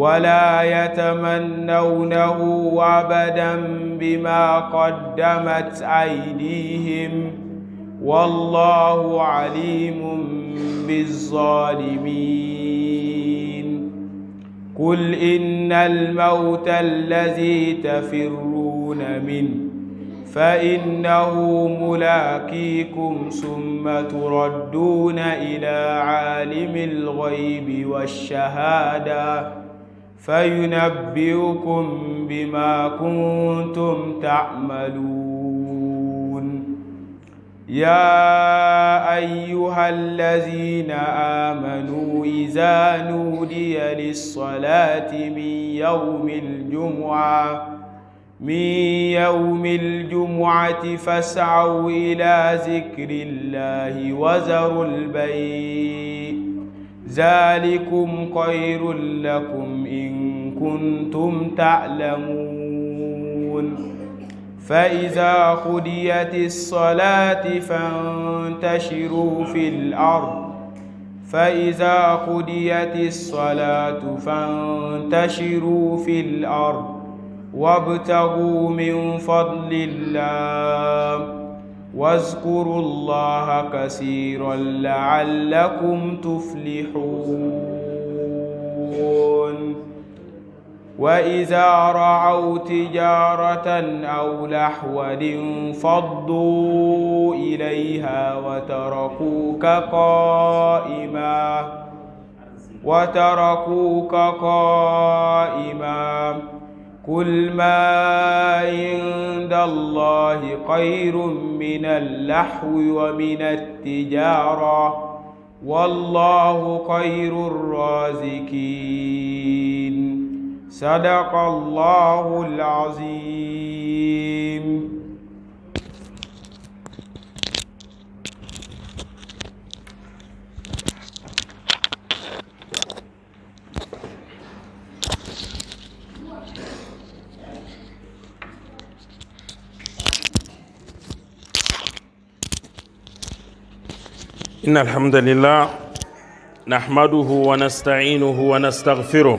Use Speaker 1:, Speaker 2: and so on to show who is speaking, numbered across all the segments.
Speaker 1: ولا يتمنونه أبدا بما قدمت أيديهم والله عليم بالظالمين قل إن الموت الذي تفرون منه فإنه ملاقيكم ثم تردون إلى عالم الغيب والشهادة فينبئكم بما كنتم تعملون يا أيها الذين آمنوا إذا نودي للصلاة من يوم الجمعة من يوم الجمعة فاسعوا إلى ذكر الله وذروا البيع ذلكم خير لكم إن كنتم تعلمون فإذا قضيت الصلاة فانتشروا في الأرض فإذا قضيت الصلاة فانتشروا في الأرض وابتغوا من فضل الله واذكروا الله كثيرا لعلكم تفلحون وإذا رعوا تجارة أو لحوا انفضوا إليها وتركوك قائما وتركوك قائما قل ما عند الله خير من اللحو ومن التجارة والله خير الرازقين صدق الله العظيم
Speaker 2: إن الحمد لله نحمده ونستعينه ونستغفره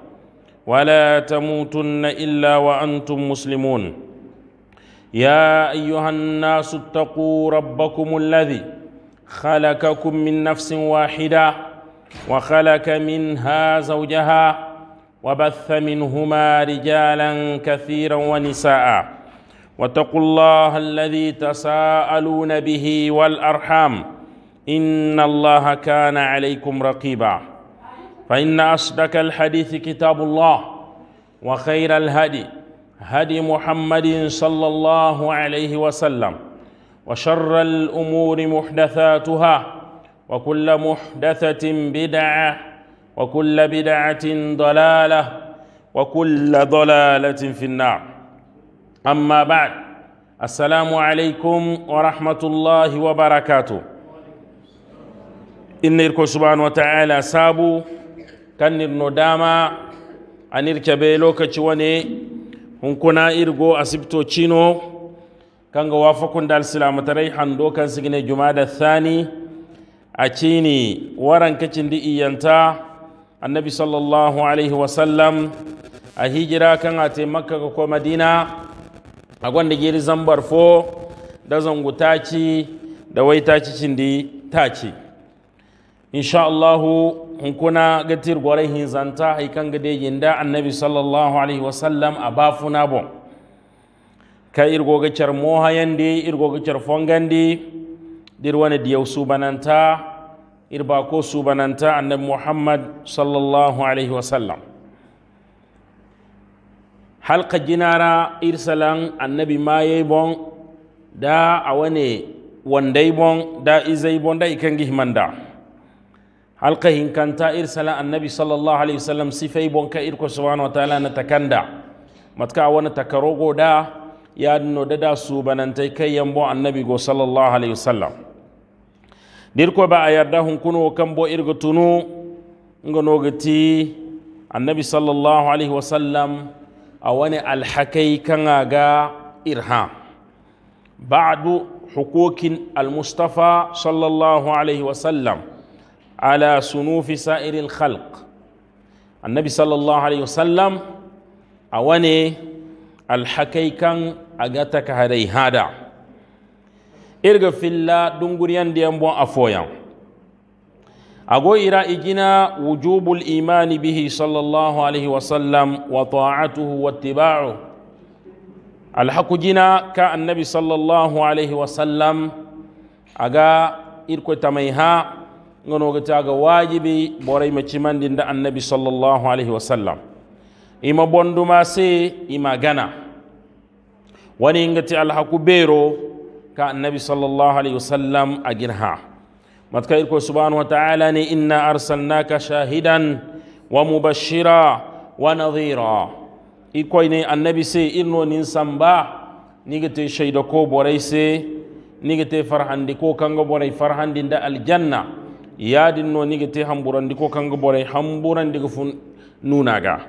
Speaker 2: ولا تموتن الا وانتم مسلمون يا ايها الناس اتقوا ربكم الذي خلقكم من نفس واحده وخلق منها زوجها وبث منهما رجالا كثيرا ونساء واتقوا الله الذي تساءلون به والارحام ان الله كان عليكم رقيبا فإن أصدق الحديث كتاب الله وخير الهدي هدي محمد صلى الله عليه وسلم وشر الأمور محدثاتها وكل محدثة بدعة وكل بدعة ضلالة وكل ضلالة في النار أما بعد السلام عليكم ورحمة الله وبركاته إن الله سبحانه وتعالى سابوا kan nirno dama a nirke bai lokaci wane hunkuna irgo asibto chino kanga wafakun dal silamatarai hando kan sigine da thani a cini waran kacin di iyanta annabi sallallahu alaihi wasallam a hijira kan a taimaka ga ko madina a gwanda giri zambar fo da zangu taci da wai taci cindi taci insha Allahu hunkuna gatir gore hin zanta haikan gade yinda annabi sallallahu alaihi wasallam a bafuna bon ka irgo gacar moha yande irgo gacar fongan de dir wani diyau subananta irba ko subananta annabi muhammad sallallahu alaihi wasallam halka jinara irsalan annabi maye bon da a wane wandai bon da izai bon da ikan gihmanda halka hinkanta ir sala annabi sallallahu alaihi wasallam sifai bonka ir ko subhanahu wa ta'ala na takanda matka wani takarogo da ya no da da su banantai kai yambo annabi go sallallahu alaihi wasallam dir ko ba a yarda hun kuno kan bo ir go tunu ngono gati annabi sallallahu alaihi wasallam a wani alhakai kan ga irham ba'du hukukin al-mustafa sallallahu alaihi wasallam ala sunufisa irin khalq annabi sallallahu alaihi wasallam a wane alhakaikan aga gata ka hadai hada irga filla dunguriyan da yambon afoyan ago ira igina wujubul imani bihi sallallahu alaihi wa ta'atuhu wa ittiba'u alhaku gina ka annabi sallallahu alaihi wasallam aga irko mai ha ngono ga taga wajibi boray ma cimandi nda annabi sallallahu alaihi wasallam ima bonduma se ima gana wani ngati alhaku bero ka annabi sallallahu alaihi wasallam agirha matka irko subhanahu wa ta'ala ni inna arsalnaka shahidan wa mubashira wa nadhira irko ne annabi se irno nin samba nigate shaido ko boray se nigate farhandi ko kanga boray farhandi nda aljanna yadin no niga te hamburan diko kanga bore hamburan diko fun nunaga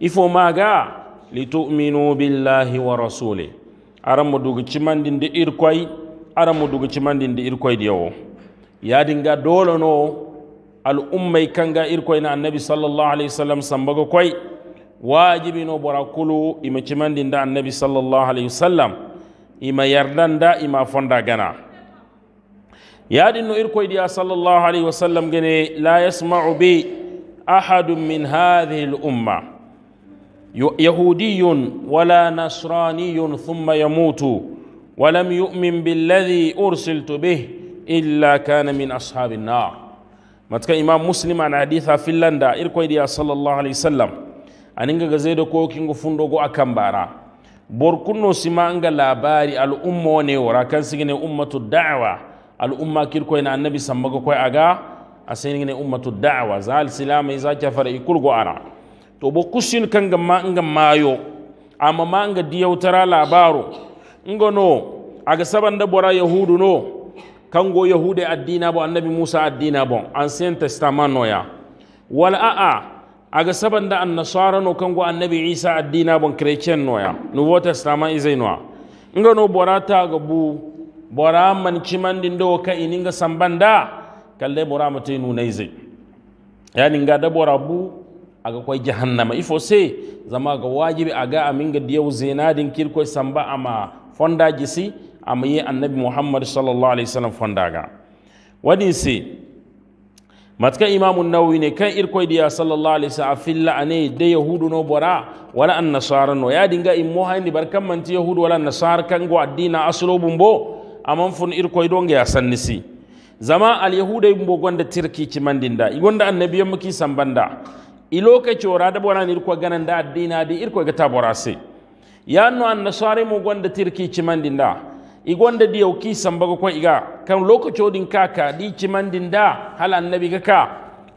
Speaker 2: ifo maga tu'minu billahi wa rasuli aramu mu duga cimandin da irkwai aramu mu duga cimandin da irkwai diyo yadin ga dole no al'ummai kanga irkwai na annabi sallallahu alaihi wasallam sambago kwai wajibi no bora kulu ima cimandin da annabi sallallahu alaihi wasallam ima yardanda ima fonda gana nu irkoyɗiya sallllahu alayhi wa sallam gene la yasmau bi ahadun min hadihi umma yahudiyun wala nasraniyun thumma yamutu walam yumin billadi ursiltu bih illa kana min ashabi nnar matka imam muslim an haditha fillanda irkoyɗiya sallllahu alayhi wa sallam aningaga zeydo kokingo funɗogo a bara, borkunno sima nga labari al umma wone wara kan sigine ummatu dawa al'umma na annabi sammago koy aga a ne ummatu dawa zal silama iza cafara i kulgo ana to bo kusin kanga ma nga mayo amma ma nga diyawtara labaro nga no aga sabanda bora yahudu no kango yahude addina bo annabi musa addina bon ancien testament noya wal a'a aga sabanda annasara no kango annabi isa addina christian no noya nuwo testament izay noa nga no bora ta ga bu bora man cimandin do ka ininga sambanda kalle bora mate zai. yani nga da bora bu aga koy jahannama ifo se zama ga wajibi aga ga diyaw zinadin kir koy samba ama fonda jisi ama ye annabi muhammad sallallahu alaihi wasallam fonda ga wadi se matka imamu nawawi ne kan irkoi diya sallallahu alaihi wasallam filla ane de yahudu no bora wala an nasara no ya dinga immo hayni barkan ti yahudu wala nasara kan go addina aslo bo? aman fun irkoy ga ya sannisi zama alyahudai yahuda mbo gonda tirki ci mandinda gonda annabiya muki sambanda iloke cora da bonan irko da addina di irko ga taborase ya an annasari mu gonda tirki ci mandinda igonda di yauki sambago ko iga kan lokaci odin kaka di ci mandinda hal annabi ga ka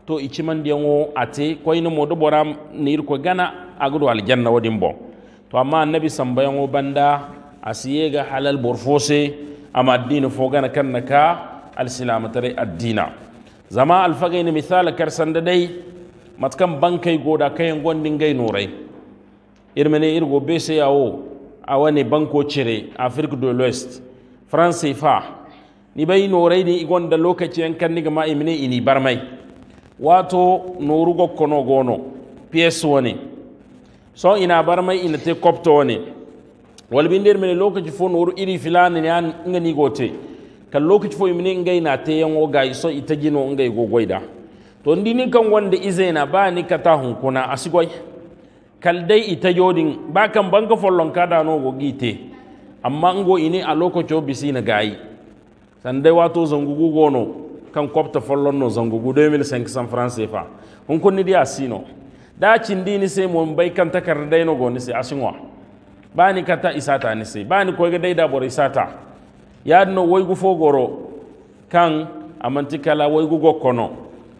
Speaker 2: to ici mandiyango ate koyno modo bora ni ko gana agudo aljanna wadin bo to amma annabi sambayango banda asiyega halal borfose ama addini kan na ka tare addina zama misali misala sanda dai matakan bankai goda gai norai nuray ne irgo yawo a wani banko cire afrique de l'ouest france fa ni bai norai ne da lokaci yan kan lokaciyen kannigama imine ini mai wato norugo kono gono ps wani so ina ina te kopto wani wal bin der mene lokaci fo noru iri filani ne an ngani gote kan lokaci fo imini ngai na te yango ga so ita ngai go goida to ndini kan wanda izena ba ni kata hun kuna asigoi kal dai ita ba kan banka follon kada no go gite amma ngo ini a lokaci bisi na gayi sandai wato zangugu gono kan kwabta follon no zangugu 2500 francs CFA hun kunni dia sino da cindini sai mun bai kan takardai no go ni sai asinwa bani kata isata ni bani ko ga dai da bor isata ya no way gu fogoro kan amanti kala way gu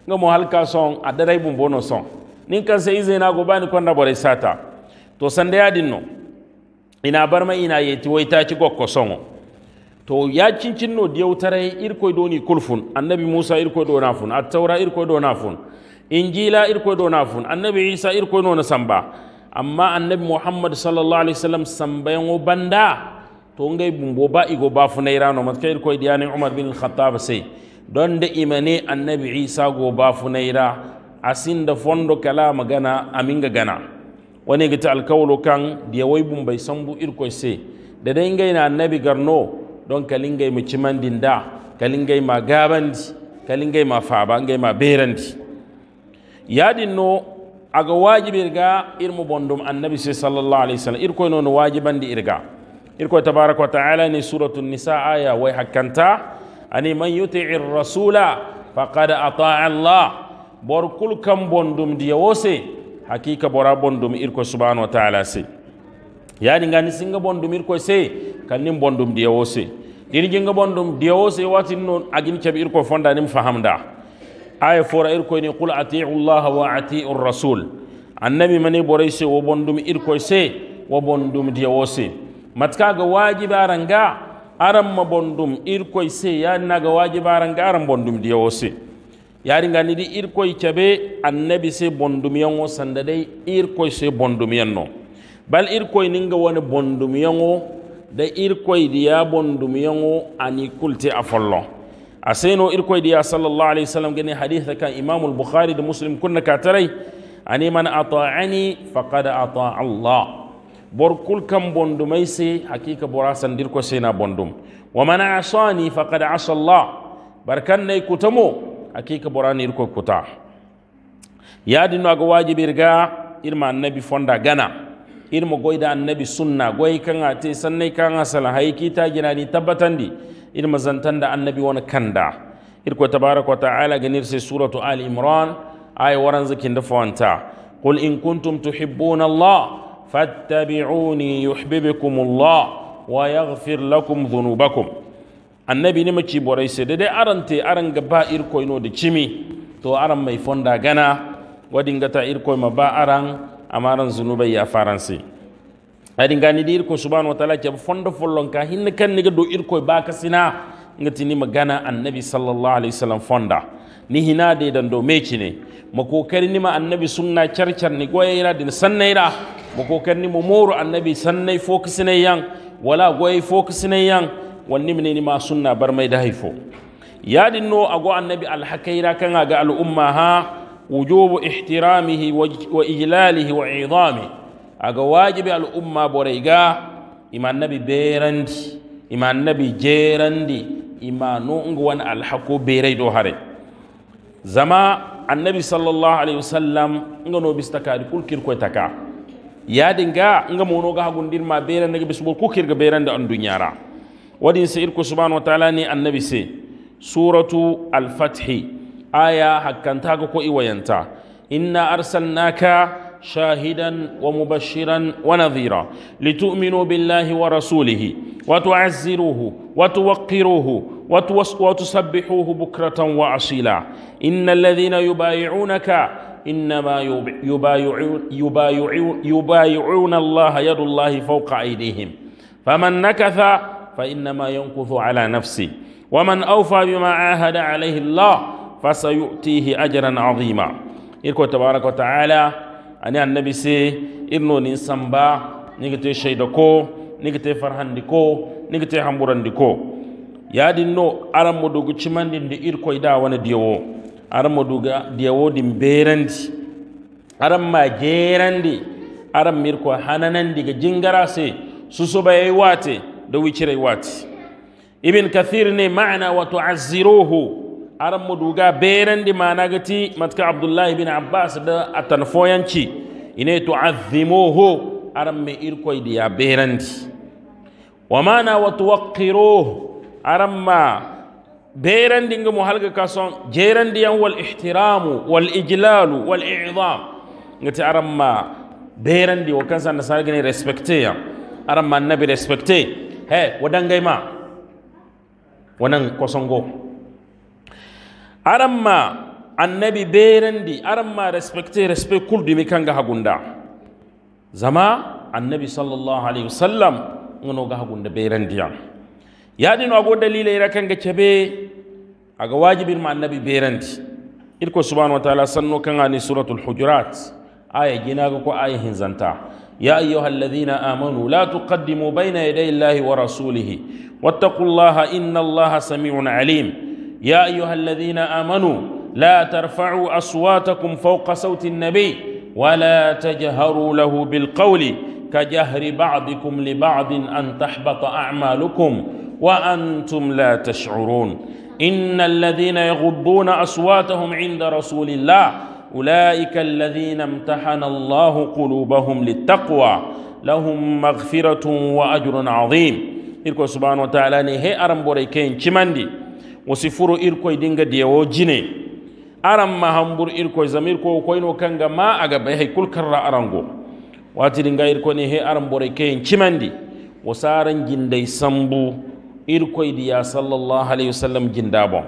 Speaker 2: ngo mo halka son adarai bum bono son nin kan sai izina go bani ko na bor isata to sande ya ina barma ina yeti wai ta ci gokko son to ya cincin no irko doni kulfun annabi musa irko do nafun at-taura irko do nafun injila irko do nafun annabi isa irko no na samba amma annabi muhammad sallallahu alaihi wasallam wo banda to ngai bumbo ba igo ba funayrano mat kayr koy diyani umar bin al-khattab sey donde imane annabi isa go ba asin da fondo kala magana aminga gana wani gita alkawlo kan diya way bumbay sambu irkoy sey da dai ngai na annabi garno don kalingay mu cimandin da kalingay ma gabandi kalingay ma faba ngai ma berandi yadin no aga wajibi irga irmu bondum annabi sallallahu alaihi wasallam irko non wajibandi irga irko tabarak wa ta'ala ni suratul nisa aya wa hakanta ani man yuti'i rasula faqad ata'a allah bor kul kam bondum diya wose hakika bora bondum irko subhanahu wa ta'ala si yani ngani singa bondum irko se kanim bondum diya wose dirijinga bondum diya wose watin non agin cabi irko fonda nim fahamda aya fora ni qul atiu llaha wa atiu rasul annabi mani boray se wo bondum irkoy se wo bondum diya wo se wajiba wajibaranga aram ma bondum irkoy se wajiba wajibaranga aram bondum dia wo se ngani di irkoy chabe annabi se bondum yango sanda dai irkoy se bondum yanno bal irkoy ninga woni bondumiyan wo da irkoy diya bondum yango ani kulti a aseno irkoy diya sallallahu alaihi wasallam gani hadith kan imam al-bukhari da muslim kunna katarai ani man ata'ani faqad ata'a Allah bor kul kam bondum ay se hakika borasan dir sai na bondum wa man asani faqad asa Allah barkan nay kutamo hakika bora ir irko kuta yadi no ga wajibi riga irma annabi fonda gana Irma goyda annabi sunna goy kan ate sannai kan asala haiki ta gina ni di. ir da annabi wani kanda Irko ko wa taala sai suratu al imran aya waranza kinda fowanta qul in kuntum tuhibbuna allah fattabi'uni yuhibbukum allah wa yaghfir lakum dhunubakum annabi ne maci boray se dede arante aran ba irko. koyno da cimi to aran mai fonda gana gata irko ma ba aran amaran zunubay ya faransi hadi ngani dir ko subhanahu wa ta'ala ke fondo follon ka hinne kan niga do irko ba ka sina ngati ni magana annabi sallallahu alaihi wasallam fonda ni hina de dan do meci ne ma kokari ni ma annabi sunna charchar ni goye ira din sannaira ma kokari ni mo moru annabi sannai focus ne yan wala goye focus ne yan wanni ne ni ma sunna bar mai da haifo yadin din no ago annabi alhakaira kan ga al'umma ha wujubu ihtiramihi wa ijlalihi wa idamihi aga wajibi al'umma boreyga ima nabi berandi ima nabi jerandi ima no alhaku berai berey do hare zama annabi sallallahu alaihi wasallam nga no bis kadi kul kir taka yadin ga nga mono ga gundir ma berande ga bisbol ku kirga berande an dunyara wadin sayyid irku subhanahu wa ta'ala ni annabi sai suratu al-fath aya hakkan ga ko iwayanta inna arsalnaka شاهدا ومبشرا ونذيرا لتؤمنوا بالله ورسوله وتعزروه وتوقروه وتسبحوه بكرة وأصيلا إن الذين يبايعونك إنما يبايعون, الله يد الله فوق أيديهم فمن نكث فإنما ينكث على نفسه ومن أوفى بما عاهد عليه الله فسيؤتيه أجرا عظيما إركو تبارك وتعالى ani annabi se irno nin samba ni te shaida ko ni te farhandi ko ni te hamburandi ko yadin no aran mo dogu ndi ir koy da wani diwo aran mo doga diyawo din berandi aran ma gerandi aran ko hananan diga jingara se susu yayi wate da wicirai wate ibn kathir ne ma'ana wa tu'azziruhu aran muduga berandi gati matka abdullahi bin abbas da atan foyanci ine tu'azzimuhu aran me irkoy diya berandi wa mana wa tuwaqqiruhu aram ma berandi ngamu halga kason jerandi yan wal ihtiramu wal ijlalu wal i'zam ngati aran ma berandi wa kansa na sargani respecte ya aram ma annabi respecte he wadangay ma wanan kosongo aranma annabi berandi berendi aranma respecté respect kulɗumi kanga hagunda zama annabi sallallahu alaihi wa sallam gonoga hagunda berendiyam yaɗino ago dalila ira kanga ceɓe aga wajibinma annabi berendi irko subhanahu wa taala sanno kangani suratul hujurat aya jinaga ko aya hinzanta يا أيها الذين آمنوا لا تقدموا بين يدي الله ورسوله واتقوا الله إن الله سميع عليم يا أيها الذين آمنوا لا ترفعوا أصواتكم فوق صوت النبي ولا تجهروا له بالقول كجهر بعضكم لبعض أن تحبط أعمالكم وأنتم لا تشعرون إن الذين يغضون أصواتهم عند رسول الله أولئك الذين امتحن الله قلوبهم للتقوى لهم مغفرة وأجر عظيم إلكو سبحانه وتعالى نهي أرم بوريكين چمندي wasi furo irkoy dinga dewo jine aran ma hambur irko zamir ko ino kanga ma aga bai hay kul karra arango wati dinga irko ne he aran bore kayen cimandi wasaran gindai sambu irkoy ya sallallahu alaihi wasallam gindabon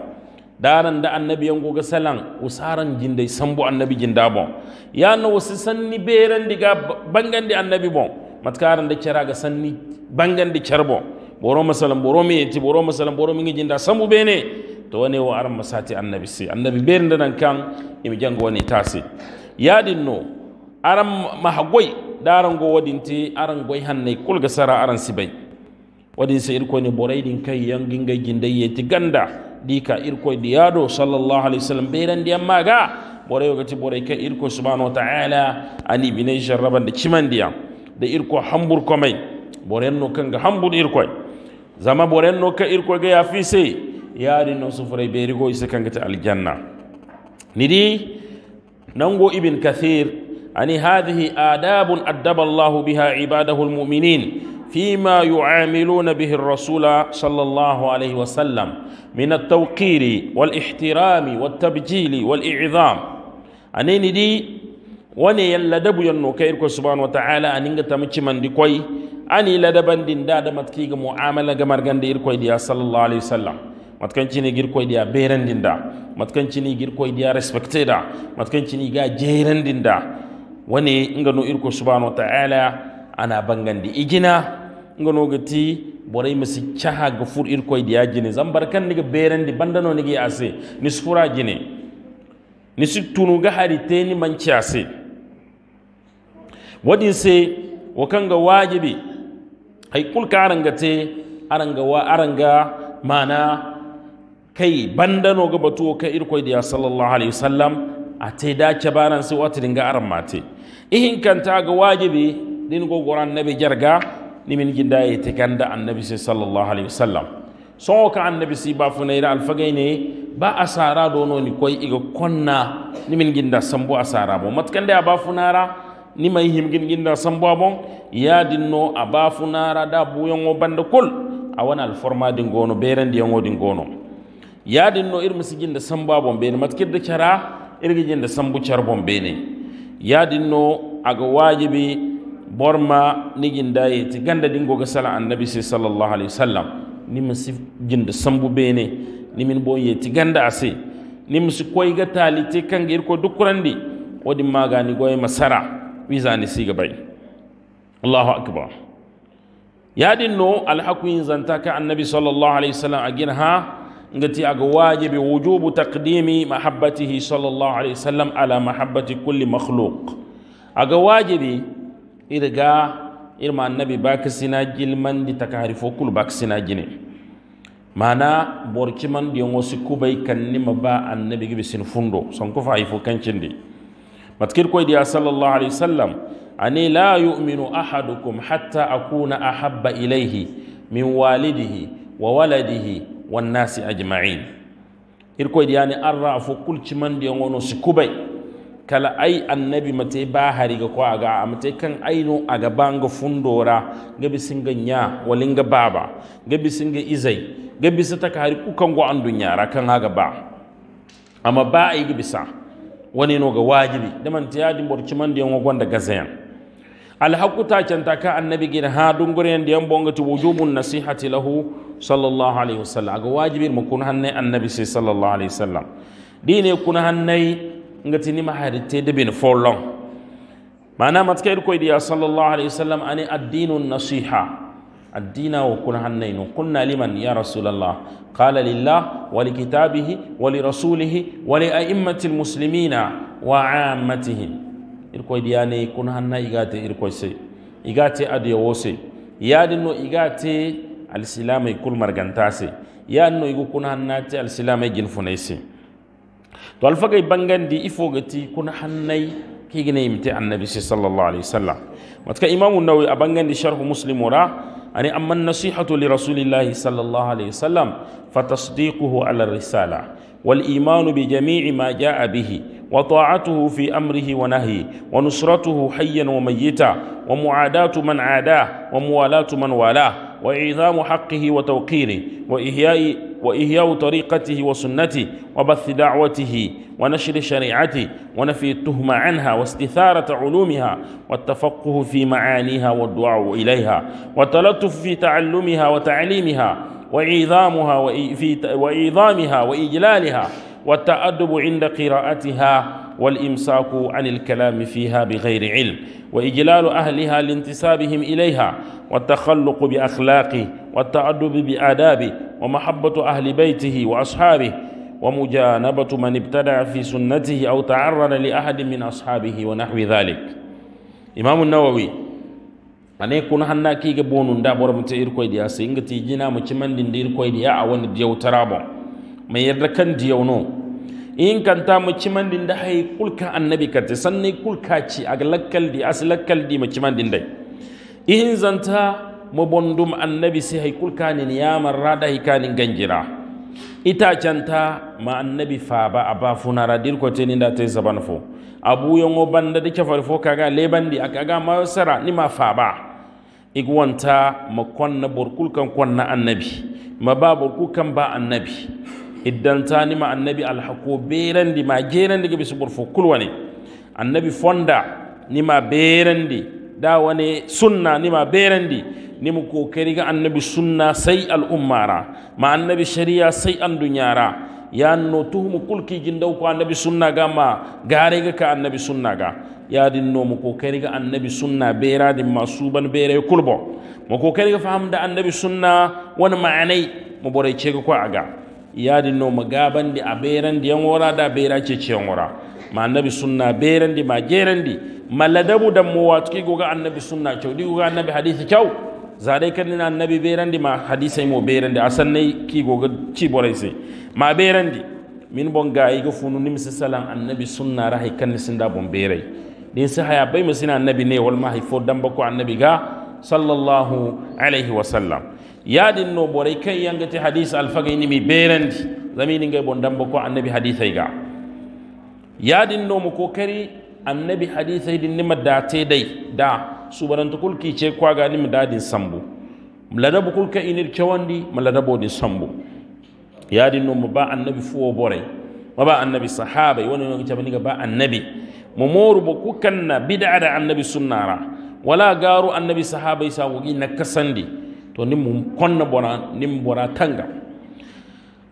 Speaker 2: daran da annabi yango ga salan usaran gindai sambu annabi gindabon ya no wasu sanni beran diga bangan di annabi bon matkaran da kira ga sanni bangan di charbo boro masalan boro mi yeti boro masalan boro mingi jinda sambu bene to wane wa aran masati annabi si annabi beri ndanan kan imi jango wani tasi yadin no aran mahagoy daran go wadinti aran goy hannai kulga sara aran sibai wadin sai irko ne boray din kai yangingay jinday yeti ganda dika irko di yado sallallahu alaihi wasallam beran di amma ga boray ti boray kai irko subhanahu wa ta'ala ani binai jarraban da diya da irko hambur komai boren no kanga hambur irko zama boren no ka irko ga yafi sai yari no su furai bai rigo isa kan gata aljanna ni di nango ibn ani hadhihi adabun adaba Allahu biha ibadahu almu'minin fima yu'amiluna bihi ar-rasula sallallahu alaihi wa sallam min at-tawqiri wal ihtirami wat-tabjili wal i'zam ani ni wane yan ladabu yan no kayir ko subhanahu wa ta'ala aninga tamci mandi koy ani ladaban din da da matki ga mu'amala ga margande ir koy diya sallallahu alaihi wasallam matkan cini gir koy diya beran din da matkan cini gir koy diya respecte da matkan cini ga jeran din da wani inga no ir ko subhanahu wa ta'ala ana bangandi igina inga no gati boray masi chaha ga fur ir koy diya jini zambarkan ni ga beran di bandano ni ga ase nisfura jini ni tunu ga hari ni manci ase wadin se wakanga wajibi hay kulka aranga te aranga wa aranga mana kai bandano ga batu ka irkoi da sallallahu alaihi wasallam a te dace baran sai wata dinga aran mate ihin kanta ga wajibi din goran nabi jarga min ginda ya te ganda annabi sallallahu alaihi wasallam so ka annabi si ba funaira alfagai ne ba asara dono ni koi iga konna min ginda sambu asara bo matkan da ba funara ni may himgin ginda sambo bon yadinno a bafunara da buyongo bande kol a al forma di gono berandi yongo di gono yadinno ir da sambo abon bene mat kidde cara irga da sambu char bon bene yadinno aga wajibi borma ni ginda yiti ganda dingo ga sala annabi sallallahu alaihi wasallam ni musi ginda sambu bene ni min boye ti ganda ase ni koy koyga talite kangir ko dukurandi wodin magani goy masara wisani siga bay allahu akbar yaɗin no alhakun zanta ka annabi sallallahu alaihi wasallam a gin ha ngati aga wajibi wujubu taqdimi mahabbatihi sallallahu alaihi wasallam ala mahabbati kulli makhluq aga wajibi irga irma annabi bakasina jilman di takarifo kul bakasina jine mana borci man di ngosi kubay kan nima ba annabi gibi sin fundo sonko fa ifo kancinde matkir koy diya sallallahu alaihi wasallam ani la yu'minu ahadukum hatta akuna ahabba ilaihi min walidihi wa waladihi wan nasi ajma'in ir koy diya ni arra fo kulci man ngono sikubay kala ai annabi mate ba hariga ko aga amate kan aino aga banga fundora gabi singa nya walinga baba gabi singa izai gabi sata ka hari kan go andunya rakan aga ba amma ba ay yi sa wani no ga wajibi da man ta yadin borci man diyan wagon da gazayan alhaqu ta canta ka annabi gina ha dunguren diyan bonga tu wujubun nasihati lahu sallallahu alaihi wasallam ga wajibi mu kun hanne annabi sai sallallahu alaihi wasallam dine kun hanne ngati ni maharite da bin for long mana matkai ko idiya sallallahu alaihi wasallam ani ad-dinun nasiha الدين وكن حنين قلنا لمن يا رسول الله قال لله ولكتابه ولرسوله ولأئمة المسلمين وعامتهم إركوي دياني كن حنا إيغاتي إركوي سي إيغاتي أديووسي يا دنو إيغاتي الإسلام كل مرغنتاسي يا نو إيغو كن حنا تي الإسلام جنفنيسي تو الفقي بانغاندي إفوغتي كن حنين kigine imte annabi sallallahu alaihi wasallam matka imamu nawawi abangan di sharh muslim wara أني أما النصيحة لرسول الله صلى الله عليه وسلم فتصديقه على الرسالة والإيمان بجميع ما جاء به وطاعته في أمره ونهيه ونصرته حيا وميتا ومعاداة من عاداه وموالاة من والاه وإعظام حقه وتوقيره وإحياء وإهياء طريقته وسنته وبث دعوته ونشر شريعته ونفي التهمة عنها واستثارة علومها والتفقه في معانيها والدعاء إليها والتلطف في تعلمها وتعليمها وإعظامها وإعظامها وإجلالها والتأدب عند قراءتها والإمساك عن الكلام فيها بغير علم وإجلال أهلها لانتسابهم إليها والتخلق بأخلاقه والتأدب بآدابه ومحبة أهل بيته وأصحابه ومجانبة من ابتدع في سنته أو تعرض لأحد من أصحابه ونحو ذلك إمام النووي ane kuna hanna kiga bonun da bor mutai irkoi diya sai inga tijina mu cimandin da irkoi diya a wani diyau tarabo mai yarda kan diyau no in kanta mu ci mandin da hai kulka annabi karte sanne kulka ci a lakkal di as lakkal di mu ci din dai in zanta mu bondum annabi sai hai kulka ni yamar hai kanin ganjira ita canta ma annabi fa ba aba funa radir ko tenin da tay zaban fo abu yongo banda de kafar fo kaga lebandi akaga ma sara ni ma fa ba igwanta ma konna konna annabi ma ba ba annabi iddan tani ma annabi alhaqo berandi ma gerandi ga subur burfo kulwane annabi fonda nima berandi da wani sunna ni nima berandi mu kokari ga annabi sunna sai al'ummara ma annabi shari'a sai an dunyara ya no mu kulki gindau ko annabi sunna ga ma gare ga ka annabi sunna ga ya din no mu kokari ga annabi sunna bera ma masuban bere kulbo mu kokari ga fahamda da annabi sunna wani ma'anai mu bore ce ga ko aga yadin no magabandi a berandi yan wora da bera ce ce yan ma annabi sunna berandi ma gerandi maladabu dan mu watki goga annabi sunna cew di goga annabi hadisi cew zare kan ni annabi berandi ma hadisai mo berandi asan nay ki goga ci borai sai ma berandi min bon yi go funu nim salam annabi sunna rahi kan sinda bon berai din sa haya bai musina annabi ne wal ma hay fo annabi ga sallallahu alaihi wasallam yadin no boray kan yangati hadis alfagay mi berandi zamini ngay bon dambo ko annabi hadisay ga yadin no mo ko kari annabi hadisay din nima date dai da subaran to kulki ce kwa ga nima dadin sambu mlada bu kulka inir mlada bo din sambu yadin no mo ba annabi fuwo boray ma ba annabi sahaba. wani ngi kitabani ga ba annabi mo moru bo kukanna bid'a da annabi sunnara wala garu annabi sahabai sawogi nakasandi kasandi to ni mu konna bona ni mu bona tanga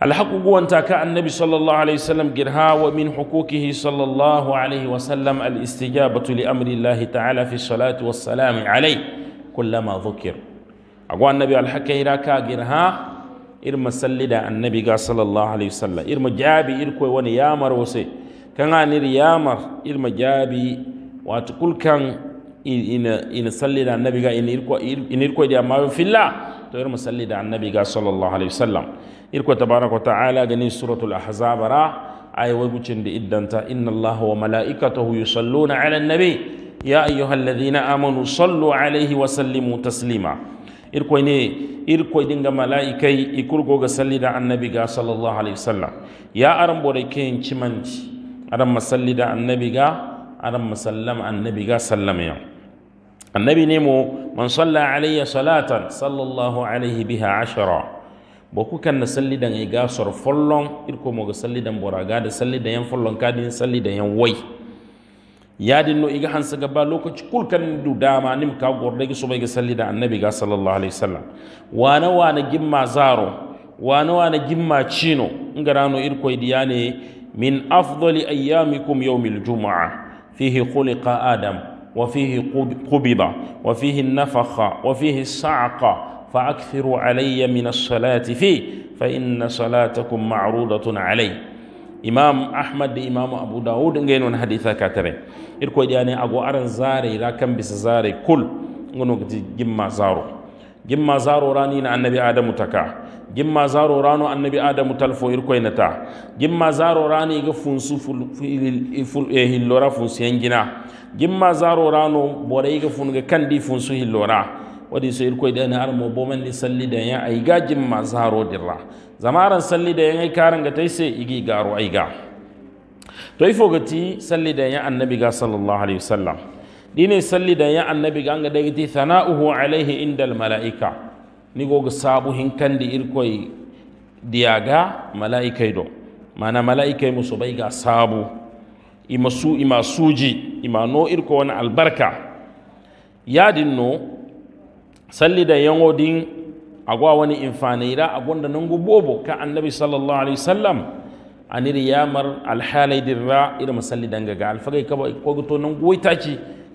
Speaker 2: alhaqu guwanta ka annabi sallallahu alaihi wasallam girha wa min huquqihi sallallahu alaihi wasallam alistijabatu li amri llahi ta'ala fi salati wassalamu alayhi kullama dhukir agwa annabi alhaqa iraka girha irma sallida annabi ga sallallahu alaihi wasallam irma jabi irko wani yamar wose kan anir yamar irma jabi wato kulkan ina ina salli da annabi ga ina irko ina irko da ma filla to yar musalli da annabi ga sallallahu alaihi wasallam irko tabaraka ta'ala ganin suratul ahzab ra ay wai gucin da iddanta inna allaha wa mala'ikatahu yusalluna ala annabi ya ayyuhalladhina amanu sallu alaihi wa sallimu taslima irko ne irko dinga mala'ikai ikurgo ga salli da annabi ga sallallahu alaihi wasallam ya aran bore ken cimanci aran masalli da annabi ga aran musallam annabi ga sallama yau annabi ne nemo man salla alayya salatan sallallahu alayhi biha ashara boku kanna salli e ga sor follon irko ga salli sallidan bora ga da salli sallidan yan follon salli sallidan yan wai ya din no iga hansa gaba lokaci kul kan du dama nim ka gor da gi subai ga salli sallida annabi ga sallallahu alaihi wasallam wa na wa na gimma zaro wa na wa na gimma chino ngarano irko idiyane min afdali ayyamikum yawmil jumu'a fihi khuliqa adam وفيه قبض وفيه النفخ وفيه الصعق فأكثروا علي من الصلاة فيه فإن صلاتكم معروضة علي imam ahmad da imam abu dawud ngai non haditha katare irko jani ago aran zare ra kan bisa zare kul ngono gimma zaro gimma zaro rani na annabi adamu taka gimma zaro rano annabi adamu talfo irko inata gimma zaro rani ga funsu jimma zaro rano bore ga funga kandi fun su hillora wadi so irko da na armo boman ni salli da ya aiga jimma zaro dirra zamaran salli da ya ai karin ga tai sai igi garo aiga. to yi gati salli da ya annabi ga sallallahu alaihi wasallam dine salli da ya annabi ga anga da gati sana'uhu alaihi indal malaika ni go sabu hin kandi irko diyaga malaikai do mana malaikai musu bai ga sabu imasu imasuji imano irko wani albarka yadin no salli da yango din agwa wani infanira agonda nangu gubobo ka annabi sallallahu alaihi wasallam anir yamar alhalai dirra ira masalli danga ga alfagai kaba ko goto nangu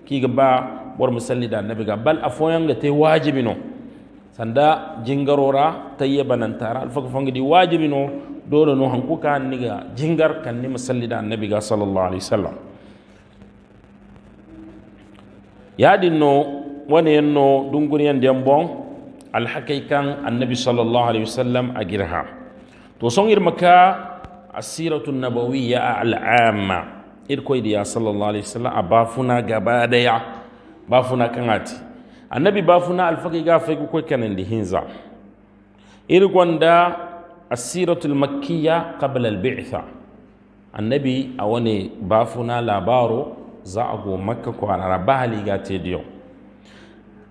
Speaker 2: ki ga ba masalli da annabi ga bal afoyan ga te wajibi no sanda jingarora tayye banantara alfaka fangidi wajibi no dole no hanku ka niga jingar kan ni musallida annabi ga sallallahu alaihi wasallam yadin no wani yanno dunguriyan den bon alhaqiqan annabi sallallahu alaihi wasallam a girha to son irmaka asiratu nabawiyya al'amma irkoy diya sallallahu alaihi wasallam a bafuna gaba daya bafuna kan ati annabi bafuna alfaki ga faygu kanin da hinza gwanda gonda assiratu lmakkiya qabla albitha annabi wani bafuna labaro za a go makka ko ba haliga te diyo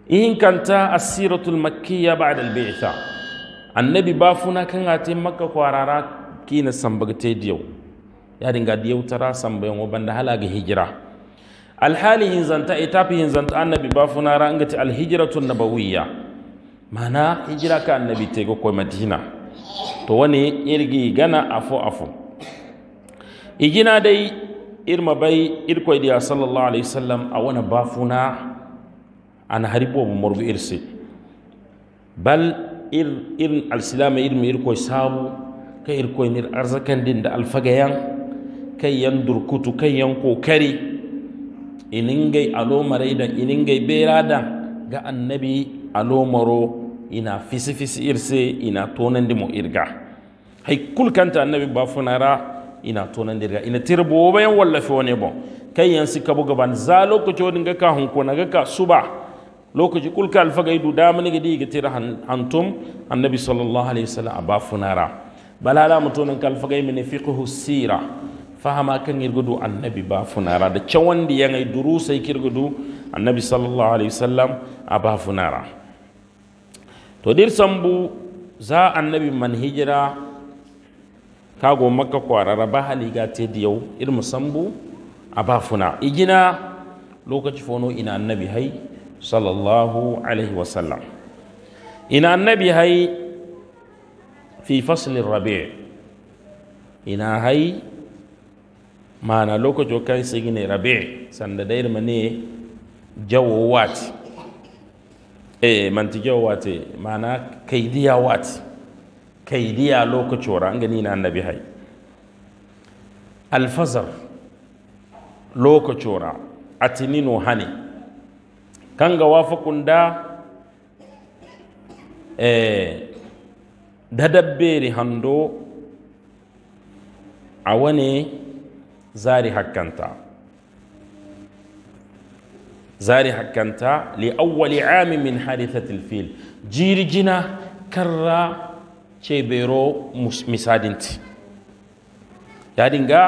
Speaker 2: in kanta assiratu lmakkiya bada albitha annabi bafuna kan ate makka ko arara kina sambaga tediyo yadinga diyewtara sambayo banda halaga hijira alhali hinzanta yin zanta, annabi bafunara ngati alhijratu nabawiyya mana hijira ka annabi tego ko madina to wani irgi gana afo afo igina dai irma bai irkoy diya sallallahu alaihi wasallam a wana bafuna an haribo morgu irse bal ir ir alsilama irmi irkoy sabu kai irkoy nir arzakan din da alfagayan kai yan durkutu kai yan kokari alomarai dan iningai bera dan ga annabi alomaro ina fisi fisi irse ina tonandi dimo irga hay kul kanta annabi funara ina dirga ina tirboɓayan wallafe wani bon kay yansi kabo gaban za lokaci wani ga ka hunkona ga ka suba lokaci kulka alfagay du damani ga diga tira hantum annabi sallallahu alaihi wasallam ba funara balala mutonin kalfagay min fiqhu sira fahama kan irgudu annabi ba funara da cawan da yangai duru sai kirgudu annabi sallallahu alaihi wasallam a ba funara to dir sambu za annabi man hijira ka kago makka kwarara ba haliga te diyau ir musambu a ba funa igina lokaci fono ina annabi hai sallallahu alaihi wasallam ina annabi hai fi faslin rabi ina hai mana lokaco kan sigine rabi sanda dayir ne jawo wati e, manti jawo wati e, ma'ana kaidiya wati kaidiya lokacora, ra ngani na annabi hay alfazar a tini atinino hane kanga wafakunda eh dadabberi hando awane zari hakkanta zari hakkanta li awwali amin min harithatil fil jirjina karra cebero misadinti ya dinga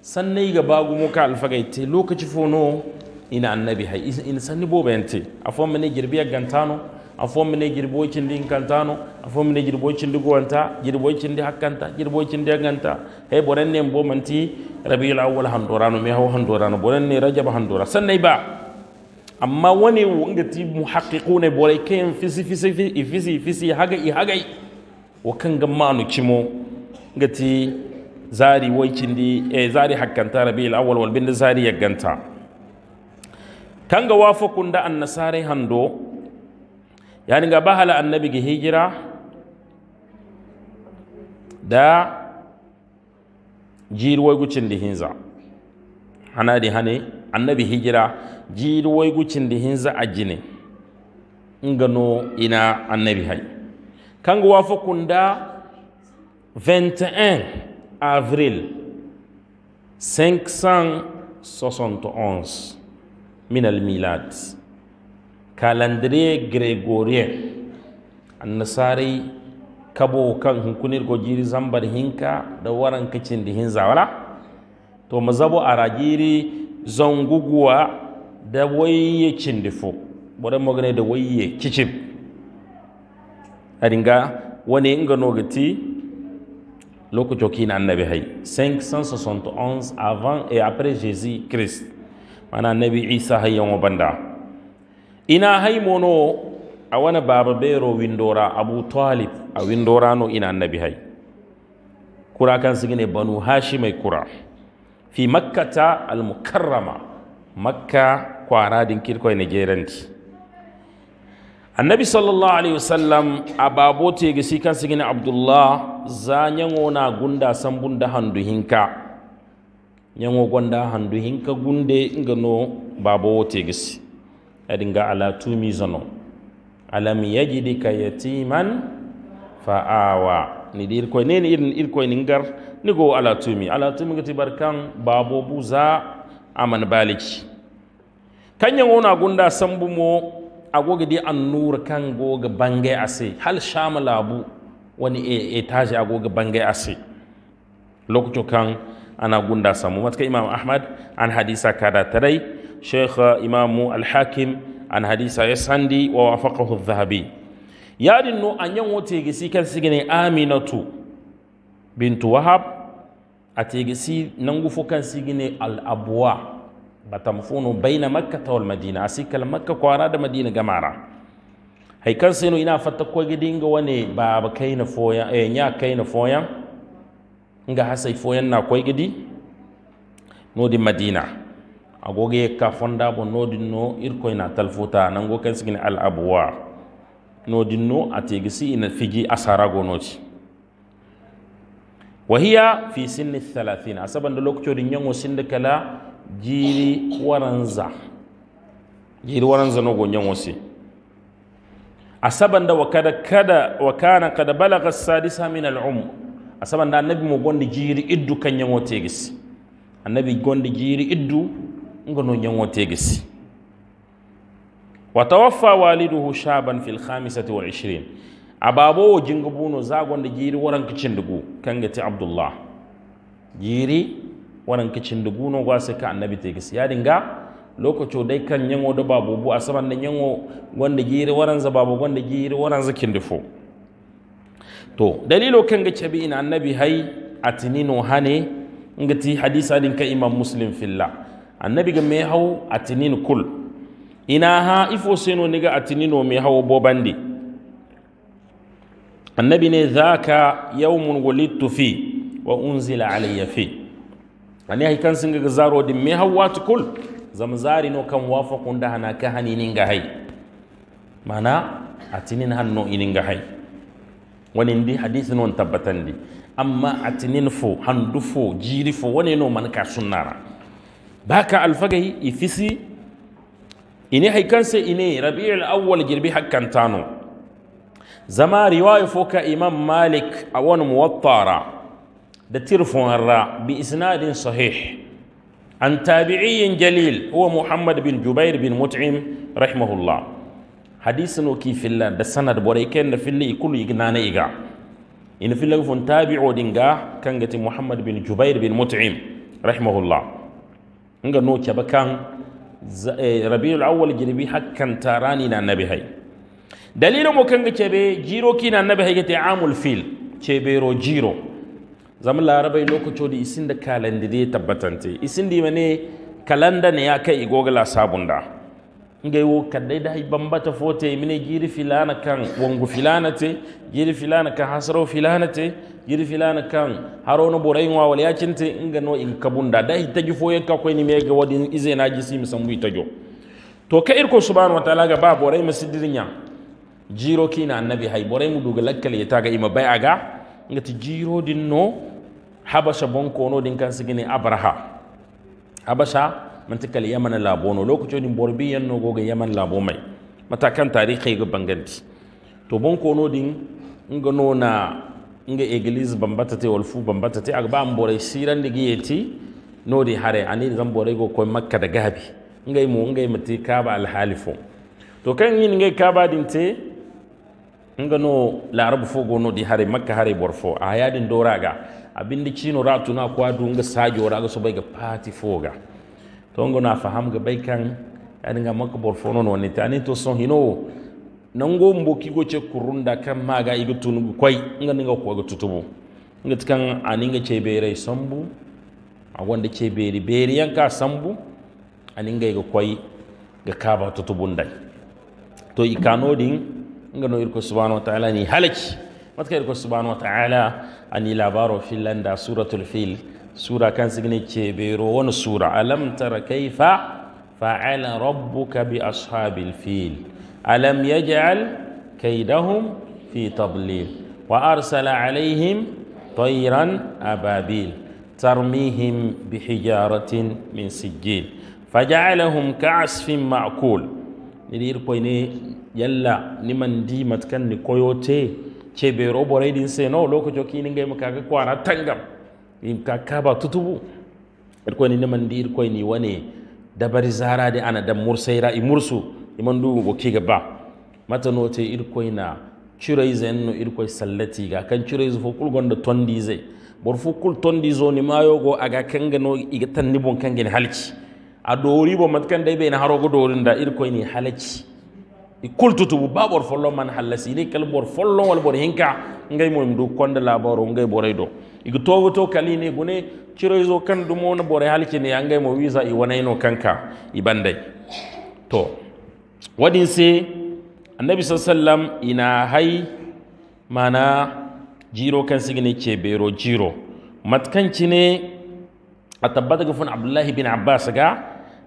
Speaker 2: sannan ga bagu muka alfagaite lokaci fono ina annabi hai in sanni bobayante afon mene gantano A afomine jirboycindi hinkantano afomine jirboycindi gowanta jirboycindi hakkanta jirboycindi aganta hey ne bo manti rabiul awwal handorano mi haw handorano ne rajab handora sannay ba amma wone wongati muhaqiquna boray kayen fisi fisi fisi fisi fisi hagay hagay wo kanga manu cimo ngati zari woycindi e eh, zari hakkanta rabiul awwal wal bin zari yaganta kanga wafa kunda annasare hando yani ga bahala annabi ga hijira da jiruwai gucin da hinza hana da hane annabi hijira jiruwai gucin da hinza a jini ingano ina annabi hai kan ga wafa kunda 21 avril 571 min al-milad Gregorian, gregorien annasarai kabo kan hunkunir gojiri zambar hinka da waran kacin da hinza wala to mazabo a ragiri zanguguwa da waye difo bore magana da waye kicin adinga wani inga nogati lokaci na annabi hai 571 avant et après Jésus Christ mana annabi Isa hayyan banda ina haimono a wani baba bero windora Abu talib a windorano ina annabi hai kura kan gine banu hashi mai e kura fi makkata almukarrama makka ko din kirkoyne jeerandi annabi sallallahu alaihi wasallam a baabo teege si kan gine Abdullah, za ñagona gunda sambunda handu hinka ñago gonda handu hinka gunde ngano babo te gisi adinga ga ala tumi zano alam yajidika yatiman fa awa ni dir ko ne ni ir ko ni ngar ni go ala tumi ala tumi ngati barkan babo buza aman baliki kanya wona gunda sambu mo agoge di nur kan goga bangai ase hal shama labu wani e etaji agoga bangai ase lokacin kan ana gunda samu matka imam ahmad an hadisa kada tarai شيخ إمام الحاكم عن حديث يسندي ووافقه الذهبي يعني أنه أن يموتي جسي كان سجن آمنة بنت وهب أتيجسي ننقف كان سيغني الأبواء بتمفون بين مكة والمدينة أسيكل مكة وأراد مدينة جمارة هي كان سينو إنا فتكوا جدين واني بابا كاين فويا إيه نيا كاين فويا nga hasa ifoyan na kwai gidi no madina agoge ka fonda bo nodinno ina talfuta nango kan sigin al abwa nodinno ategisi ina fiji asaragonoti wa hiya fi sinni da asabanda din yango sinde kala jiri waranza Jiri waranza go ñango si asabanda wa kada kada wa kana kada balaga sadisa min al um. asaban da annabi mo gondi jiri iddu kan kañango tegisi annabi gondi jiri iddu ngono no ñango tegesi wa tawaffa waliduhu shaban fil khamisati wa ishirin ababo wo jinga buno zagonde jiri waran kicindugu kangati abdullah jiri waran kicindugu no gwase ka annabi tegesi yadinga lokaco dai kan ñango do bu asaban da ñango gonde jiri waran za babu gonde jiri waran za kindifo to dalilo kanga cabi ina annabi hay atinino hane ngati hadisa din ka imam muslim fillah annabi mai hau a tinin kul ina ha ifo seno niga a mai hau bo bobandi annabi ne za dhaka yawmun walittu fi wa unzila alayya fi ani hay kan singa zaro di mai hau watu kul zam zari no kan wafa kunda hana ka haninin ga hai mana a tinin hanno inin ga hai wani ndi hadisi non tabbatan di amma atinin fo handu fo jiri fo wani no man ka sunnara baka alfagahi ifisi ini haikanse ine rabi'ul awwal girbi hakkan tano zama riwaya foka imam malik a wani muwattara da tirfonra bi isnadin sahih an tabi'iyin jalil huwa muhammad bin jubair bin mut'im rahimahullah hadisin oki filla da sanad borai ken da filli ikulu ignana iga ina filla fon tabi'o dinga gati muhammad bin jubair bin mut'im rahimahullah nga no ke bakan eh, rabiul awwal jirbi hakkan tarani na nabi hay dalilin mo kan ke be jiro ki na nabi hay ke amul fil ce be ro jiro zaman larabai lokaci da isin da kalandide tabbatante isin di mane kalanda ne ya kai igogala sabunda ngay wo kadday dahay bambata fote mine jiri filana kan wongu filana te jiri filana kan hasaro filana te jiri filana kan harono boray wa wala yacinte nga no in kabunda dahi taji fo ka ko ni mega wadi ize na jisi misambu tajo to ka irko subhanahu wa ta'ala ga ba boray masidirinya jiro kina annabi hay boray mu duga lakkal yata ga ima bai aga ngati jiro dinno habasha bonko no din kan sigine abraha habasha manti yaman labo no lokacin din borbi yan no goga yaman labo mai matakan tarihi ga banganti to bon no din nga no na nga église bambata te wal bambata te agba am boray siran digi yeti no di hare ani zan boray go ko makka da gabi ngay mo ngay mati kaba al halifo to kan yin ngay kaba din te nga no larabu fo go no di hare makka hare borfo ayadin doraga abindi chino ratuna kwa dunga sajo raga so bai ga pati foga to ngo na faham ga bai kan ani ga maka borfono fono no ne tani to son hino nango mboki go ce kurunda kan maga iga tunugu kwai nga ninga ko ga tutubu nga tikan aninga ce bere sambu a wanda ce bere bere k'a sambu aninga ga kwai ga kaba tutubun dai to ikano din nga no irko subhanahu wa ta'ala ni halaki matka irko subhanahu wa ta'ala ani labaro filanda suratul fil sura kan signe ceɓeero wani sura alam tara kayfa faala rabbuka bi ashabi alam yajal kaidahum fi tadlil wa arsala alayhim طيرا أبابيل ترميهم بحجارة من سجيل فجعلهم كعصف معقول ندير كويني يلا نمن دي متكن كويوتي ce sai nawa lokaci kini ga maka ga kwana tangam im ka kaba tutubu ir ni neman di ir wani wane dabari da ana da mursaira. i mursu iman du go kiga ba mata no te ir cire zai zen no ir sallati ga kan curay fo kul gonda tondi ze bor fo kul tondi zo ni mayo go aga kanga no iga tanni bon kangin halci a dori bo matakan dai bai na haro go dorin da ir ni halci kul tutubu ba bor follo man halasi ne kal bor follo wal bor hinka ngai moy mdu konda la boro ngay boray do iga togo to kali ne gune ciro zo kan dumo na bore halki ne an mo visa i wani no kanka i bandai to wadin se annabi sallam ina hai mana jiro kan sigine ce bero jiro matkanci ne a tabbata ga fun abdullahi bin abbas ga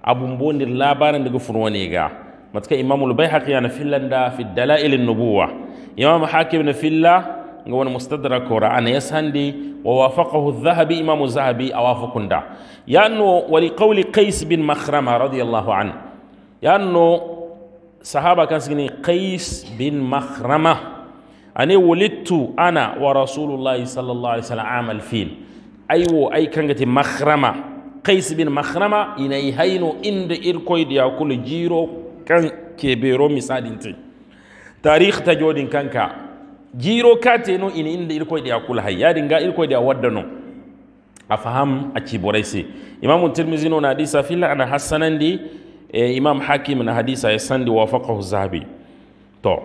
Speaker 2: abun bonir labarin daga fun wani ga matka imamul bai haƙiya na fillanda da fi dala'ilin nubuwa imam hakim na filla ga wani mustadrak o ra'anayas hannde wa wafaqahu dhahabi imamu zahabi awafakunda yanno wali qawli Qais bin mahrama radiyallahu an yanno sahaba kan sigini Qais bin mahrama ani wulidtu ana wa rasulullahi sallallahu alaihi wasallam amal fil aywo ay kangati mahrama qays bin mahrama inay hayno inde irkoyde yakulu jiro kan kebero misadinte tarikh ta jodin kanka jiro kate no ini inda irkoy da yakul hay yadin ga irkoy da wadda no afaham ci boray se imamu tirmizi no na hadisa filla ana hassanandi e, imam hakim na hadisa ya sandi wafaqahu zabi. to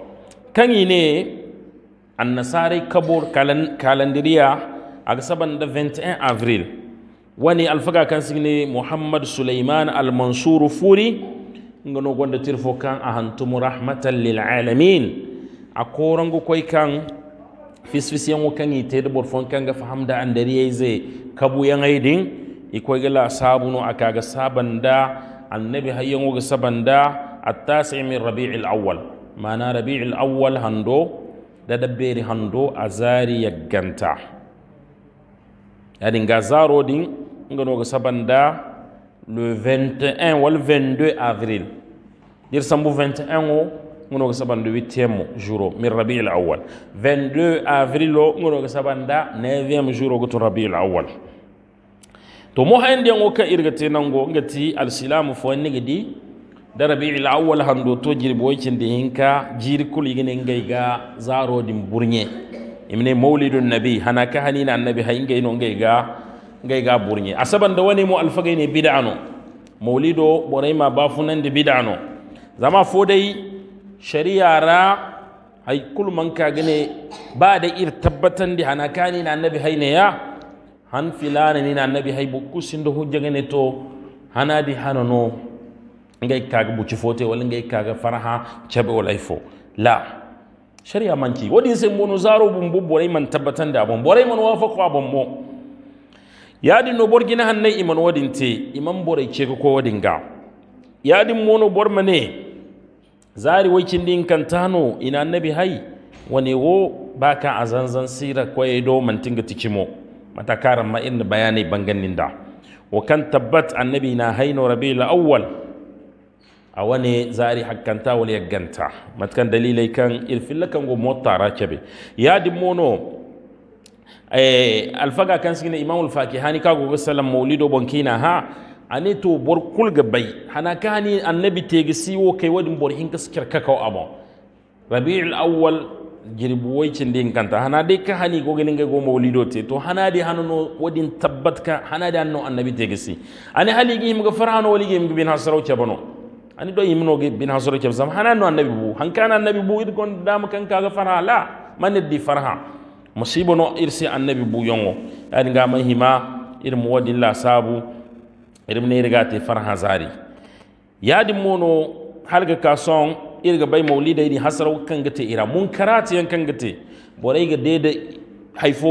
Speaker 2: kangi ne annasari kabor kalandiriya a saban da 21 avril wani alfaga kan ne muhammad suleiman al mansuru furi ngano gonda tirfo kan ahantum rahmatan alamin a korangu koy kan fisfisiyangu kan i teda borfon kanga fahamda andariyay ze kabu yangay din ikoy gala sabuno akaga sabanda annabi hayyangu ga sabanda التاسع من ربيع الأول معنى hando الأول هندو دبيري yadin أزاري يجنتا يعني غزارو دين نغنو غسبندا le 21 wal 22 avril dir sambu 21 o ngono sabanda 8e jour min rabi awal 22 avril o ngono sabanda 9 jour awal to mo hande ngo ka irgate nango ngati al silamu fo da rabi'ul awal hando to jirbo cinde hinka jiri kul yigene zaro dim burnye imne nabi hanina annabi hayngay no ngayga ngayga burnye asabanda wani mo bid'ano mawlido bafunande bid'ano zama fo dai shari'a ra hay kul gane ba da ir tabbatan da hana kani na annabi hayne ya han filana ne na annabi haibu bu da hujja gane to hana di hanano ngai kaga buci fote wala ngai kaga faraha chabe wala la shari'a manki wadin sai mono zaro bumbu borai man tabbatan da bon borai man wafaqo abon mo di no gina hannai iman wadin te iman borai ce ko wadin ga yadin mono bor mane zari wai wakin din Tano ina nabi hai wani wo baka a zanzan sira kwaye do ga tikimo mata karan ma irin bayanai banganin da wa kan tabbat annabi na haino rabiul awwal a wani zari hakkanta wani yagganta matakan dalilai kan irfillakan go mota rakabe ya dimono eh, alfaga kan sigina imamul fakihani kago go maulido bonkina ha ane to bor kulga bay hana kani annabi tege siwo kai wadin bor hinka skir kakao amo rabiul awwal jiribu way din kanta hana de ka hani go gelen go maulido te to hana de hanono wadin tabbat ka hana de anno annabi tege si ane hali gi mga farhano wali gi mga bin hasaro bano ani do yimno gi bin hasaro chab zam hana no annabi bu hankana annabi bu id gon dam kan ga farha la man di farha musibono irsi annabi bu yongo ani ga mahima irmu wadin la sabu irin ne riga ta farha hazari yadin mono ga kason irga bai da irin hasar kan gata ira mun karati yan kan gata bore ga da haifo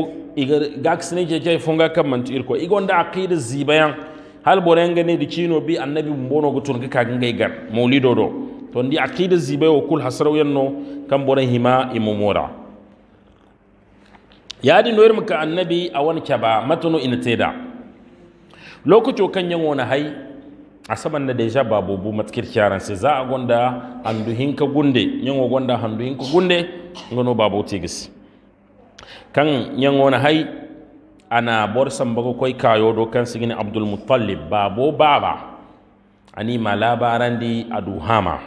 Speaker 2: ga gaks ne ke kai funga kan mantu irko iga wanda aqida zibayan hal bore gane da kino bi annabi mbono gutun ka kan gaigar mauli dodo to ndi aqida zibai wa kul hasarau no kan bore hima imumura yadin noyar muka annabi a wani kaba matano ina teda lokaco kan yan wani hai a saman da deja babu bu matakir kyaran sai za a gwanda handu hinka gunde yan wa gwanda handu hinka gunde ngono babu tigis kan yan wani hai ana bor sambago kai kayo dokan kan gini abdul muttalib babu baba ani ma labaran di aduhama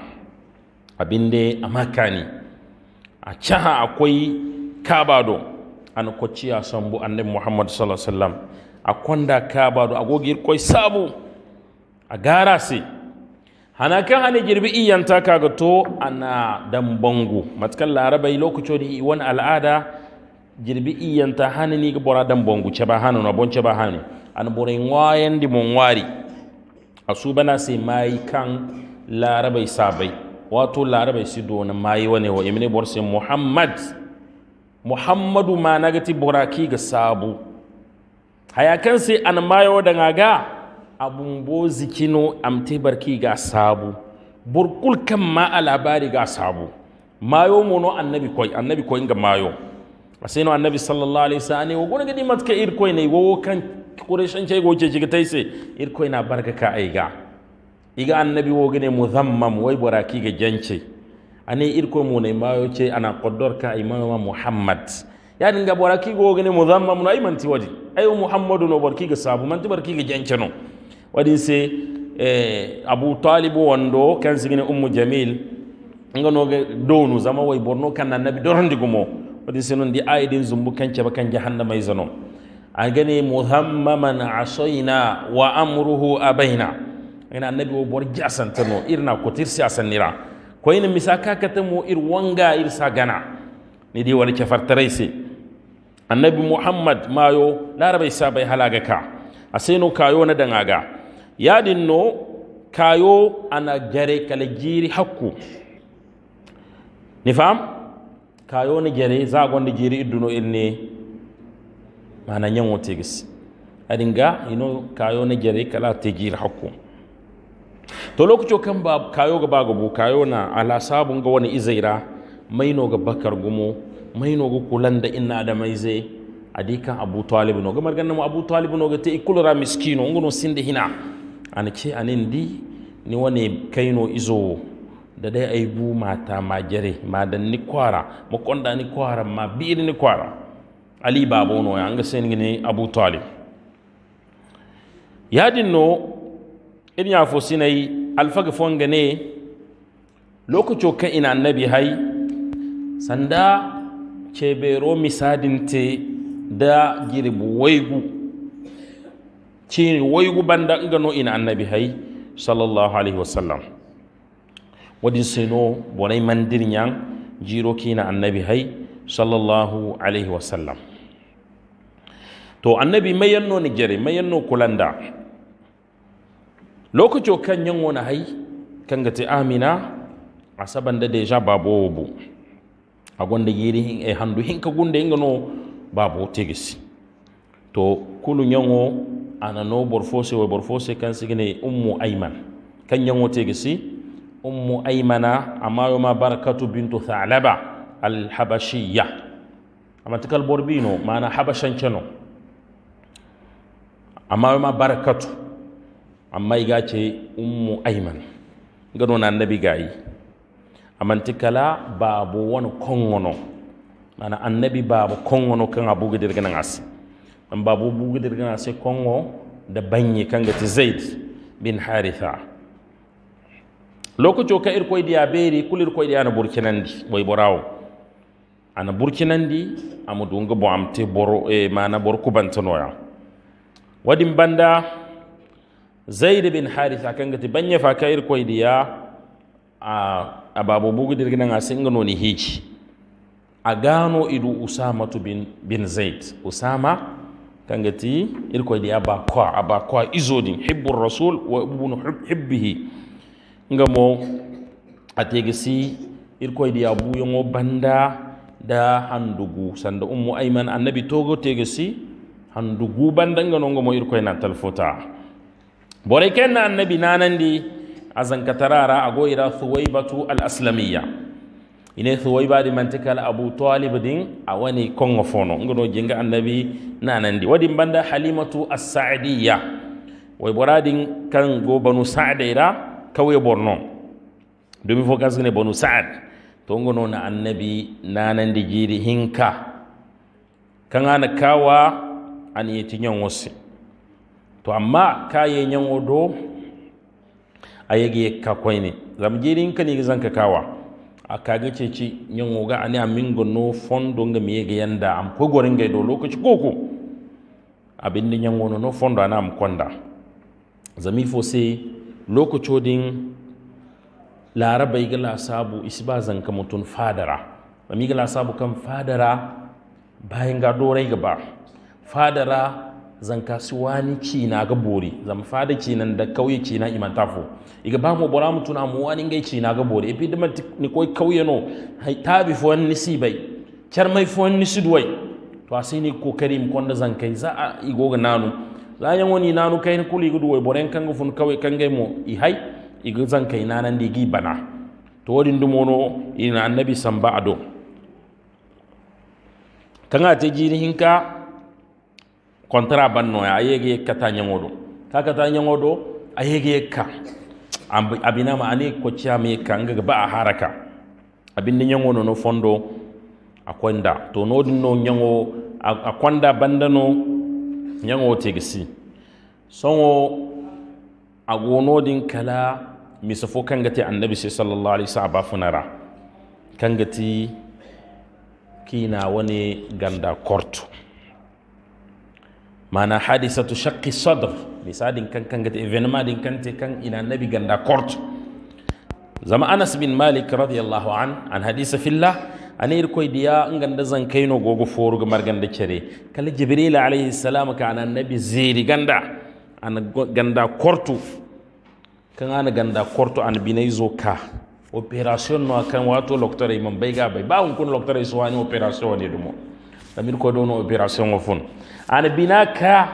Speaker 2: abinde amakani a caha akwai kabado an kwaciya sambu annabi muhammad sallallahu alaihi wasallam A akonda kabaɗo agogi ir kwai sabu a se. hana kan hane girbi iyanta kaga to ana dan bangu Matakan larabai lokacin i wani al'ada girbi iyanta hane ni ga bora dan bangu ce ba hane na bonce ba hane an bora wayan di mon wari su bana sai mai kan larabai sabai wato larabai su donin mai wane wa imini bor sai muhammad muhammadu ma nagati boraki ga sabu hayakan sai an mayo da ga abun bo zikino amte barki ga sabu burkul kan ma a labari ga sabu mayo mono annabi koi annabi koi ga mayo no annabi sallallahu alaihi wasallam wo gona gadi matka ir koi ne wo kan kureshen ce go ce jiga taise ir koi na barka ka aiga iga annabi wo gane muzammam wai buraki ga jance ani ir koi mo ne mayo ce ana qaddar ka ma muhammad yaadin ga boraki gogene mudhammamu ay manti wadi ayo muhammadu no borki ga sabu manti borki ga janceno wadi se eh, abu talib wando kan sigine ummu jamil ngano ga donu zama way borno kan annabi dorondi gumo wadi se non di aidin zumbu kan ce bakan jahannama ay zano. a gane muhammaman asaina wa amruhu abaina ngana annabi wo bor jasantano irna kotir siyasanira koyna misaka katamu ir wanga ir sagana ni di wala ce fartarai sai annabi muhammad mayo larabai sa bai halaga ka A aseno kayo na dangaga yadin no kayo ana gare kala jiri hakku ni fam kayo ni gare zagonde jiri iduno ilne mana nyango tegis adinga ino kayo na gare kala jiri hakku to lokaco kan ba kayo ga ba gabo kayo na ala sabun ga wani izaira maino ga bakar gumo maynogo kulanda inna adamayse adi kan abu talib noga mu Abu talib noga te i kulora miskino ngono sinde hina An ce anin di ni wani kaino izo da dai bu mata ma jere ma dan ni kwara ma konda ni kwara ma bir ni kwara ali babo no ya nga sen ni abu talib yadin no in ya fo sinai alfaga fonga ne lokaco ka ina annabi hai sanda cebero te da girbu waigu cini waigu banda gano ina annabi hai sallallahu alaihi wasallam wadin sino bonai mandir nyang jiro kina annabi hai sallallahu alaihi wasallam to annabi mayanno ni jere mayanno kulanda lokaco kan yan wani hai kan gati amina a saban da deja babu gonda yeri hin e handu hinka gunde ngano babo tegesi to kulu nyango ana no borfose wo borfose kan sigine ummu ayman kan nyango tegesi ummu aymana amayo ma barakatu bintu thalaba al habashiyya amatikal borbino mana habashan chano amayo ma barakatu amma igace ummu ayman gano na nabi gayi amanti kala babu wani kongono mana annabi babu kongono kan abu gidir gana ngasi an babu abu gidir gana sai kongo da banyi kan gati zaid bin haritha Lokacin ka irko idi aberi kul irko idi ana burkinandi wai borawo ana burkinandi amu dunga bo amte boro e mana bor noya wadin banda zaid bin haritha kan gati banye fa ka irko idi ya a a babu bugu da nga ngasi no ni hiji. a gano idu usama tu bin bin zaid usama kangati irko di aba kwa aba kwa izodin hibbur rasul wa ibnu hibbihi Ngamo mo ategisi irko di abu yongo banda da handugu sanda ummu ayman annabi togo tegisi handugu banda nga no ngo irko na talfota bore kenna annabi nanandi azankatarara a goyira suwai batu al'aslamiyya ine ba di mantikal abu talib din a wani fono ngono jinga annabi nanandi wadin banda halimatu as sa'diyya Wai boradin kan go banu sa'd kawai borno Domin fo ne banu sa'd to ngono na annabi nanandi jiri hinka kan ana kawa an yi nyan wasu to amma kayayyan wado ayege ka koyne in ka ne zan ka kawa a kage ce ci yan woga ani a gono fondo ga mi yage yanda am ko gorin ga do lokaci koko abin din yan wono no fondo ana am konda zami fo sai lokaci din laraba yi gala sabu isba zanka mutun fadara zami gala sabu kan fadara bayan ga dorai gaba fadara zan kasuwanci na ga bore zan fada cinan da kauye cina iman tafo iga ba mu bora mu tuna mu wani ngai cina ga bore ifi dama ni koi kauye no ta bi fo ni si bai char mai fo ni si duwai to a sai ni kokari mu konda zan kai za a igo ga nanu Za yan wani nanu kai ni kuli gudu wai boren kan fun kauye kan gai mu i hai iga zan kai nanan di gi bana to wadin dumono ina annabi ba ado kan a ta jirihin ka contrat bannoya a yege yekkata do, ka kata do a ka abina abinama ani kocciyama yekka kanga ba a haraka ni ñagono no fondo a to no din no a akonda bandano nyango tege si sogo a gonodin kala misa fo kangati annabi sallallahu alaihi wasallam ba funara kangati kina wani ganda korto mana hadisatu shakki sadr misadin kan kan gata evenement din kan te kan ina nabi ganda court zama anas bin malik radiyallahu an an hadisa fillah ana irkoy diya nganda zan kaino gogo foru ga marganda cere kala jibril alayhi salam ka ana nabi ziri ganda an ganda kortu kan ana ganda kortu an binai zo ka operation no kan wato doctor imam bai ga bai ba kun doctor iswani operation ne dumo amir ko dono operation ofun ana bina ka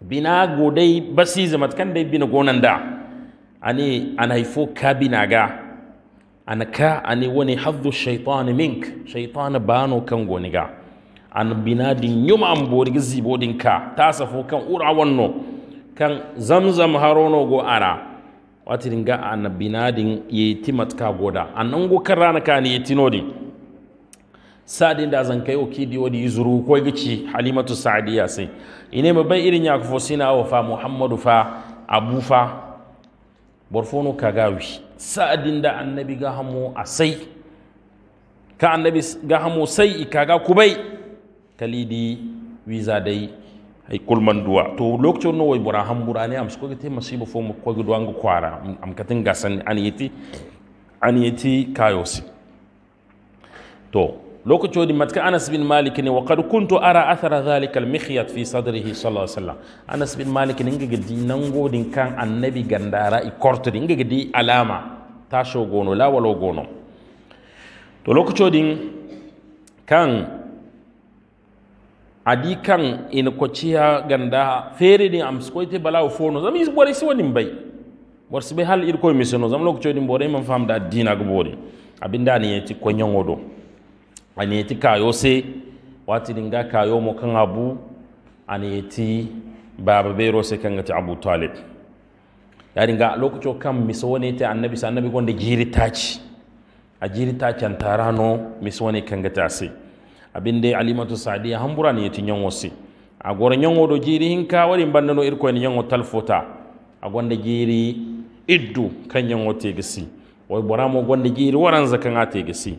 Speaker 2: bina godai basi zama kan dai bina gonan da ani ana haifo ka bina ga ana ka ani wani haddu shaitan mink shaitan bano kan goni ga ana bina din yuma an bori gizi bodin ka ta safo kan ura wannan kan zamzam harono go ara watirin ga ana bina din yetimat ka goda anan go karana kan yetinodin sadin da zan kai di wadi zuru ko gici halimatu sa'diya sai ine babban irin ya kufo sina wa fa muhammadu fa abu fa borfono kagawi sadin da annabi ga hamu a sai ka annabi ga hamu sai ikaga kubai kalidi wiza dai ai kulman duwa to lokacin no way bora hambura ne am su ko gite masibo fo mu ko gidwa ngu kwara am katin gasan an yiti an yiti kayosi to lokacoɗi matka anas bin malik ne wa kad kuntu ara athara zalikal mikhiyat fi sadrihi alaihi wasallam anas bin malik ne nan nangodin kan annabi gandara i kortodi gidi alama sho gono lawalo gono to lokacoɗin kan adi kan ina kociya ganda feere ɗin am sokoyte balawo fono si wani bai bay ɓor bai hal irkoye miseno zam lokacoɗin ɓoɗe man famda abinda ɓoɗe ya ci koñango wado. ani ti kayo se wati dinga kayo mo kan abu ani ti baba be rose kan ga ti abu talib ya dinga lokacin kan miso wani ta annabi sa annabi gonda jiri taci a jiri tara tarano miso wani kan ga se abin dai alimatu sadiya hambura ne tin yan se a gwara yan do jiri hinka wani bandano irko ne yan wotal fota a gonda jiri iddu kan yan tegasi. gisi wai bora mo gonda jiri waran zakan a gisi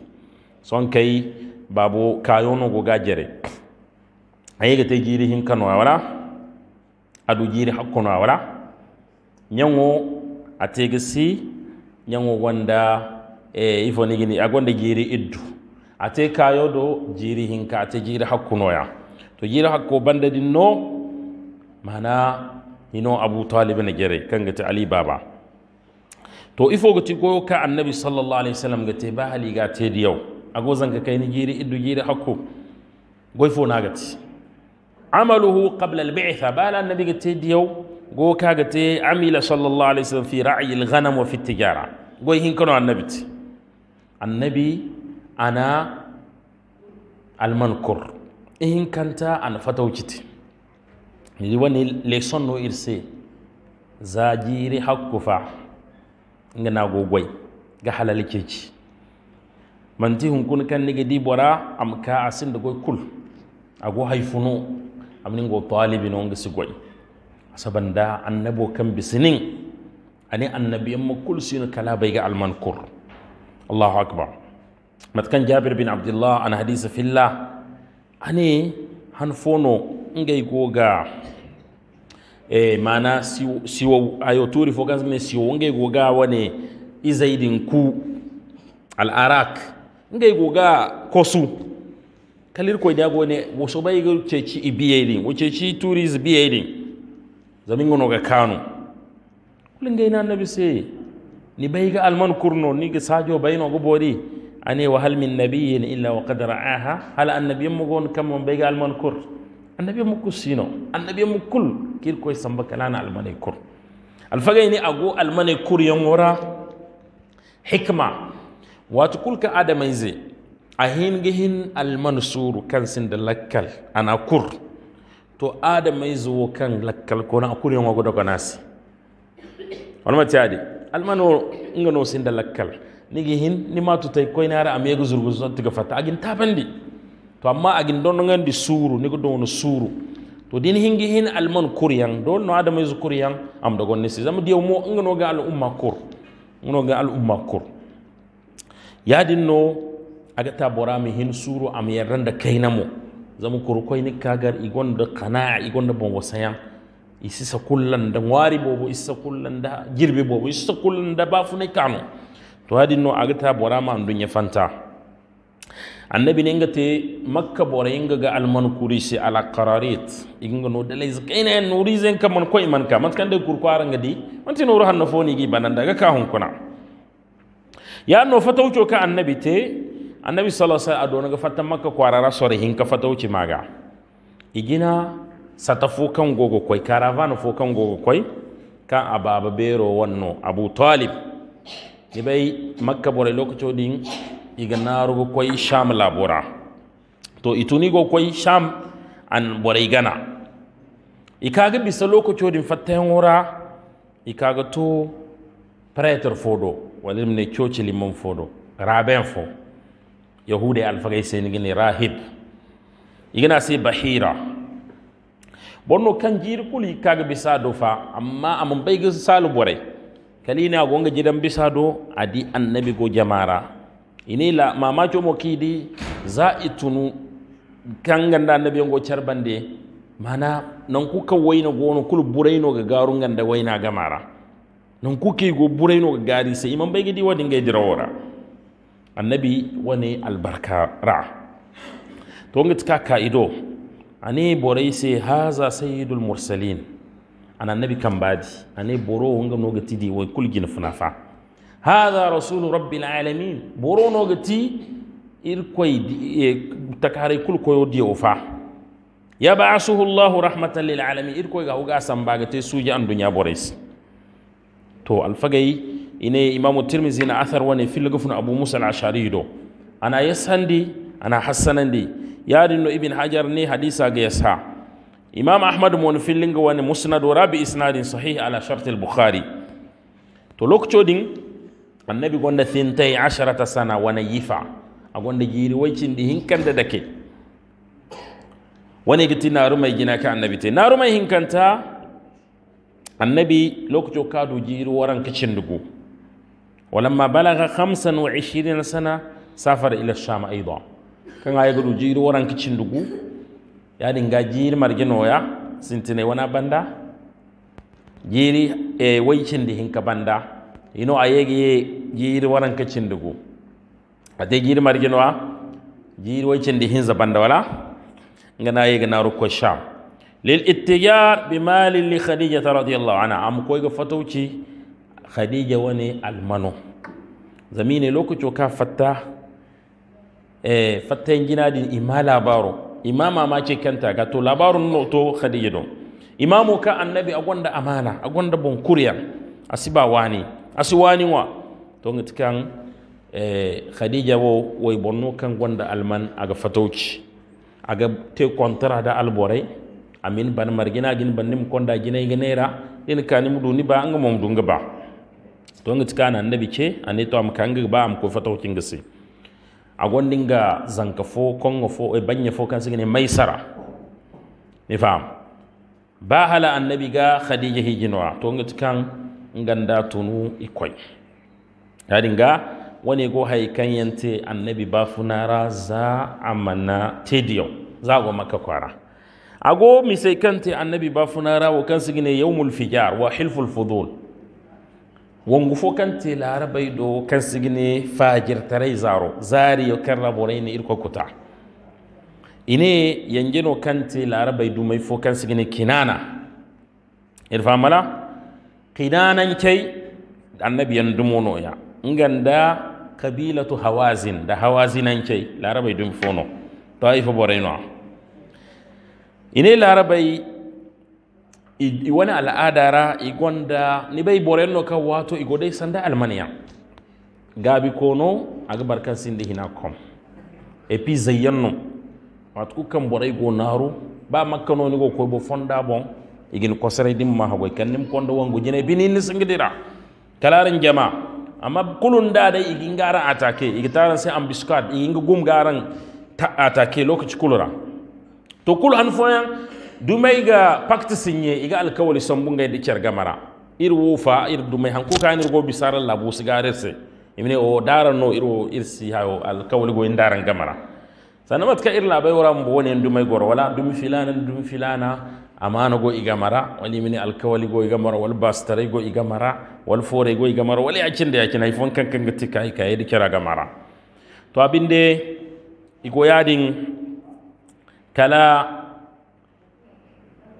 Speaker 2: son kai babo kayono go gajere ga te jiri hin kano wala adu jiri hakkono wala nyango ga si nyango wanda e ni gini agonde jiri iddu ate kayo do jiri ka ate jiri hakkuno ya to jiri hakko banda dinno mana hino abu talib na jere kanga ta ali baba to ifo gati ko ka annabi sallallahu alaihi wasallam te ba hali ga te yau agozanka kayni jiiri iddu jiiri hakku goy fo nagati amaluhu qabla albitha bala annabiga tediyow go kaga te amila sallallahu alaihi wasallam fi wa fi tijara goy annabi ana ihin e kanta ana wani leson no irse za hakku fa goy ga halal kirci manti hun kan nigi di bora am ka asin da goy kul ago haifuno am ningo talibi no ngi sigoy asaban da annabo kan bisinin ani annabiyan ma kul sino kala bai ga almankur allahu akbar kan jabir bin abdullah an hadisa fillah ani han fono ngai goga e mana si ayo turi fokas me siwo ngai goga wane izaidin ku al araq yi goga kosu kalir ko da gone wo so bai go ceci ibiyelin wo ceci tourism biyelin zamin gono ga kanu kulin gai na nabi sai ni bai ga alman kurno ni ga sajo bai no go bori ane wa hal min nabiyyin illa wa qad ra'aha hal annabiyyin mu gon kam bai ga alman kur annabiyyin mu kusino annabiyyin mu kul kir koy samba kalana almanai kur alfagay ni ago almanai kur yan wora hikma watu kulka adamai adamaize ahin gihin almansuru kan sin da lakkal ana kur to adamai wo kan lakkal ko na kur yongo daga nasi. wani mati adi almano ngano sin da lakkal ni gihin ni matu tay koy nara am yego zurgu tiga fata agin tabandi to amma agin don di suru ni godo no suru to din hingi hin alman kuryan don no kur kuryan am dogon ni si zama diyo mo ngano ga al umma kur ngano ga al umma kur Ya no aga ta bora hin suru am yarran da kai namo zamu kurkoi ni kagar igon da qana'a igon da bon wasaya isisa kullan da wari bobo isisa kullan da girbe bobo isisa kullan da bafu ne kano to yadin no aga ta bora ma andun ya fanta annabi ne ngate makka bora yinga ga alman kurisi ala qararit inga no dalai zakaina nuri zen kaman koy man ka matkan da kurkwara ngadi mantin nuru hanno foni gi banan daga kahun kuna Ya yanno wuce ka annabi te annabi alaihi wasallam ga fatta makka kwarara sore hinka wuce maga igina sata fo kan gogo koy karavan fu kan gogo koy ka ababa bero wanno abu talib ibai makka bore lokaco din iga rugo koy sham labora to go koy sham an bore igana ikaga bisa lokaco din fatta hen wora ikaga to prêtre fodo walim ne coci limon fodo raben fo yahude alfagay sen gini rahib igina si bahira bonno kan jiri kuli kaga bisa do fa amma amon bay salu bore kalina gonga jidan bisa do adi annabi go jamara ini la mo kidi za itunu kan ganda annabi go charbande mana nan ku waina gono kul buraino ga garun ganda waina gamara nan kuke go burai no gari sai imam bai gidi wadin ga e dirawara annabi wani albarka ra to ngi tika kaido ane borai sai haza sayyidul mursalin an annabi kan badi ane boro wanga no gati di wai kulgin funafa hadha rasulu rabbil alamin boro no gati irkoy e, takare kul Ya di ofa yab'asuhu allah rahmatan lil alamin irkoy ga uga sambaga te suji an dunya borai to alfagai ina imamu tirmizi na athar wani fil gufun abu musa al-ashari do ana yasandi ana hassanandi yarin no ibn hajar ne hadisa ga yasa imam ahmad mon fillinga wani musnad wa rabi isnadin sahih ala shart bukhari to lokco din annabi gonda thintai asharata sana wani yifa a gonda jiri waicin di hinkanda dake wani gitina rumai gina ka annabi te na rumai hinkanta annabi ka kaadu jiiru waranka cendugu walamma balaga khamsan wa ishirin sana safar ila sham aida kanga yegadu jiiru waranka cendugu yaadi nga jiiri margenoya sintine wana banda jiri e eh, waycendi hinka banda ino a yeegi ye jiiri waranka jiri ate jiiri jiri waycin waycendi hinza banda wala ngana na ko sham lil ittijar bi malin li khadija radiyallahu anha am koy ga fatauci khadija wani almano zamine lokaco ka fatta e fatten jinadin ima labaro imama ma ce kanta ga to labarun no to khadija don imamu ka annabi agonda amana agonda bonkuriya asiba wani asi wani wa to ngitkan e khadija wo woy bonno kan gonda alman aga fatauci aga te contrat da alborai amin ban margina gin ban nim konda ginai ganera din ni mudu ni ba an mom du ba to nga na annabi ce ani to am kanga ba am ko fataw gasi a gondinga zanka fo kongo fo e banya fo kan sigine maisara ni fam ba hala annabi ga khadija hijinwa to nga tika nganda tunu ikoy hadinga wani go hay yante annabi ba funara za amana tediyo za go maka kwara ago misai kante annabi funara wa kan sigine yawmul fijar wa hilful fudul wangu fo kante bai do kan sigine fajir tarai zaro zari yo kan ne irko kuta ine yanjeno kante larabay dumay fo kan sigine kinana irfamala kinanan kai annabi yan ya nganda kabilatu hawazin da hawazinan kai larabay dum fono taifa borayno ine larabai wani al'adara igonda ni bai no ka wato igode sanda almania gabi kono aga barkan sindi hina kom epi puis zayyanno wato kukan bore go naru ba makkano ni go ko bo fonda bon igin sare dim ma hago kan nim kondo wangu jine binin singidira kalarin jama amma kulun da dai igin gara atake igitaran sai ambiscad igin gum garan ta atake lokaci kulura to kul han foyan dumai ga pakti sinye iga alkawali sambunga da kyar gamara ir wufa ir dumai han ka ni go bisara labu sigarese imne o dara no si ha o alkawali go indaran gamara sannan matka ir labai wara mbo woni dumai goro wala dum filana dum filana amana go mara wali mini alkawali go mara wal bastare go mara wal fore go mara wali akin da yakin haifon kankan ga kai kai da gamara to abinde igo yadin kala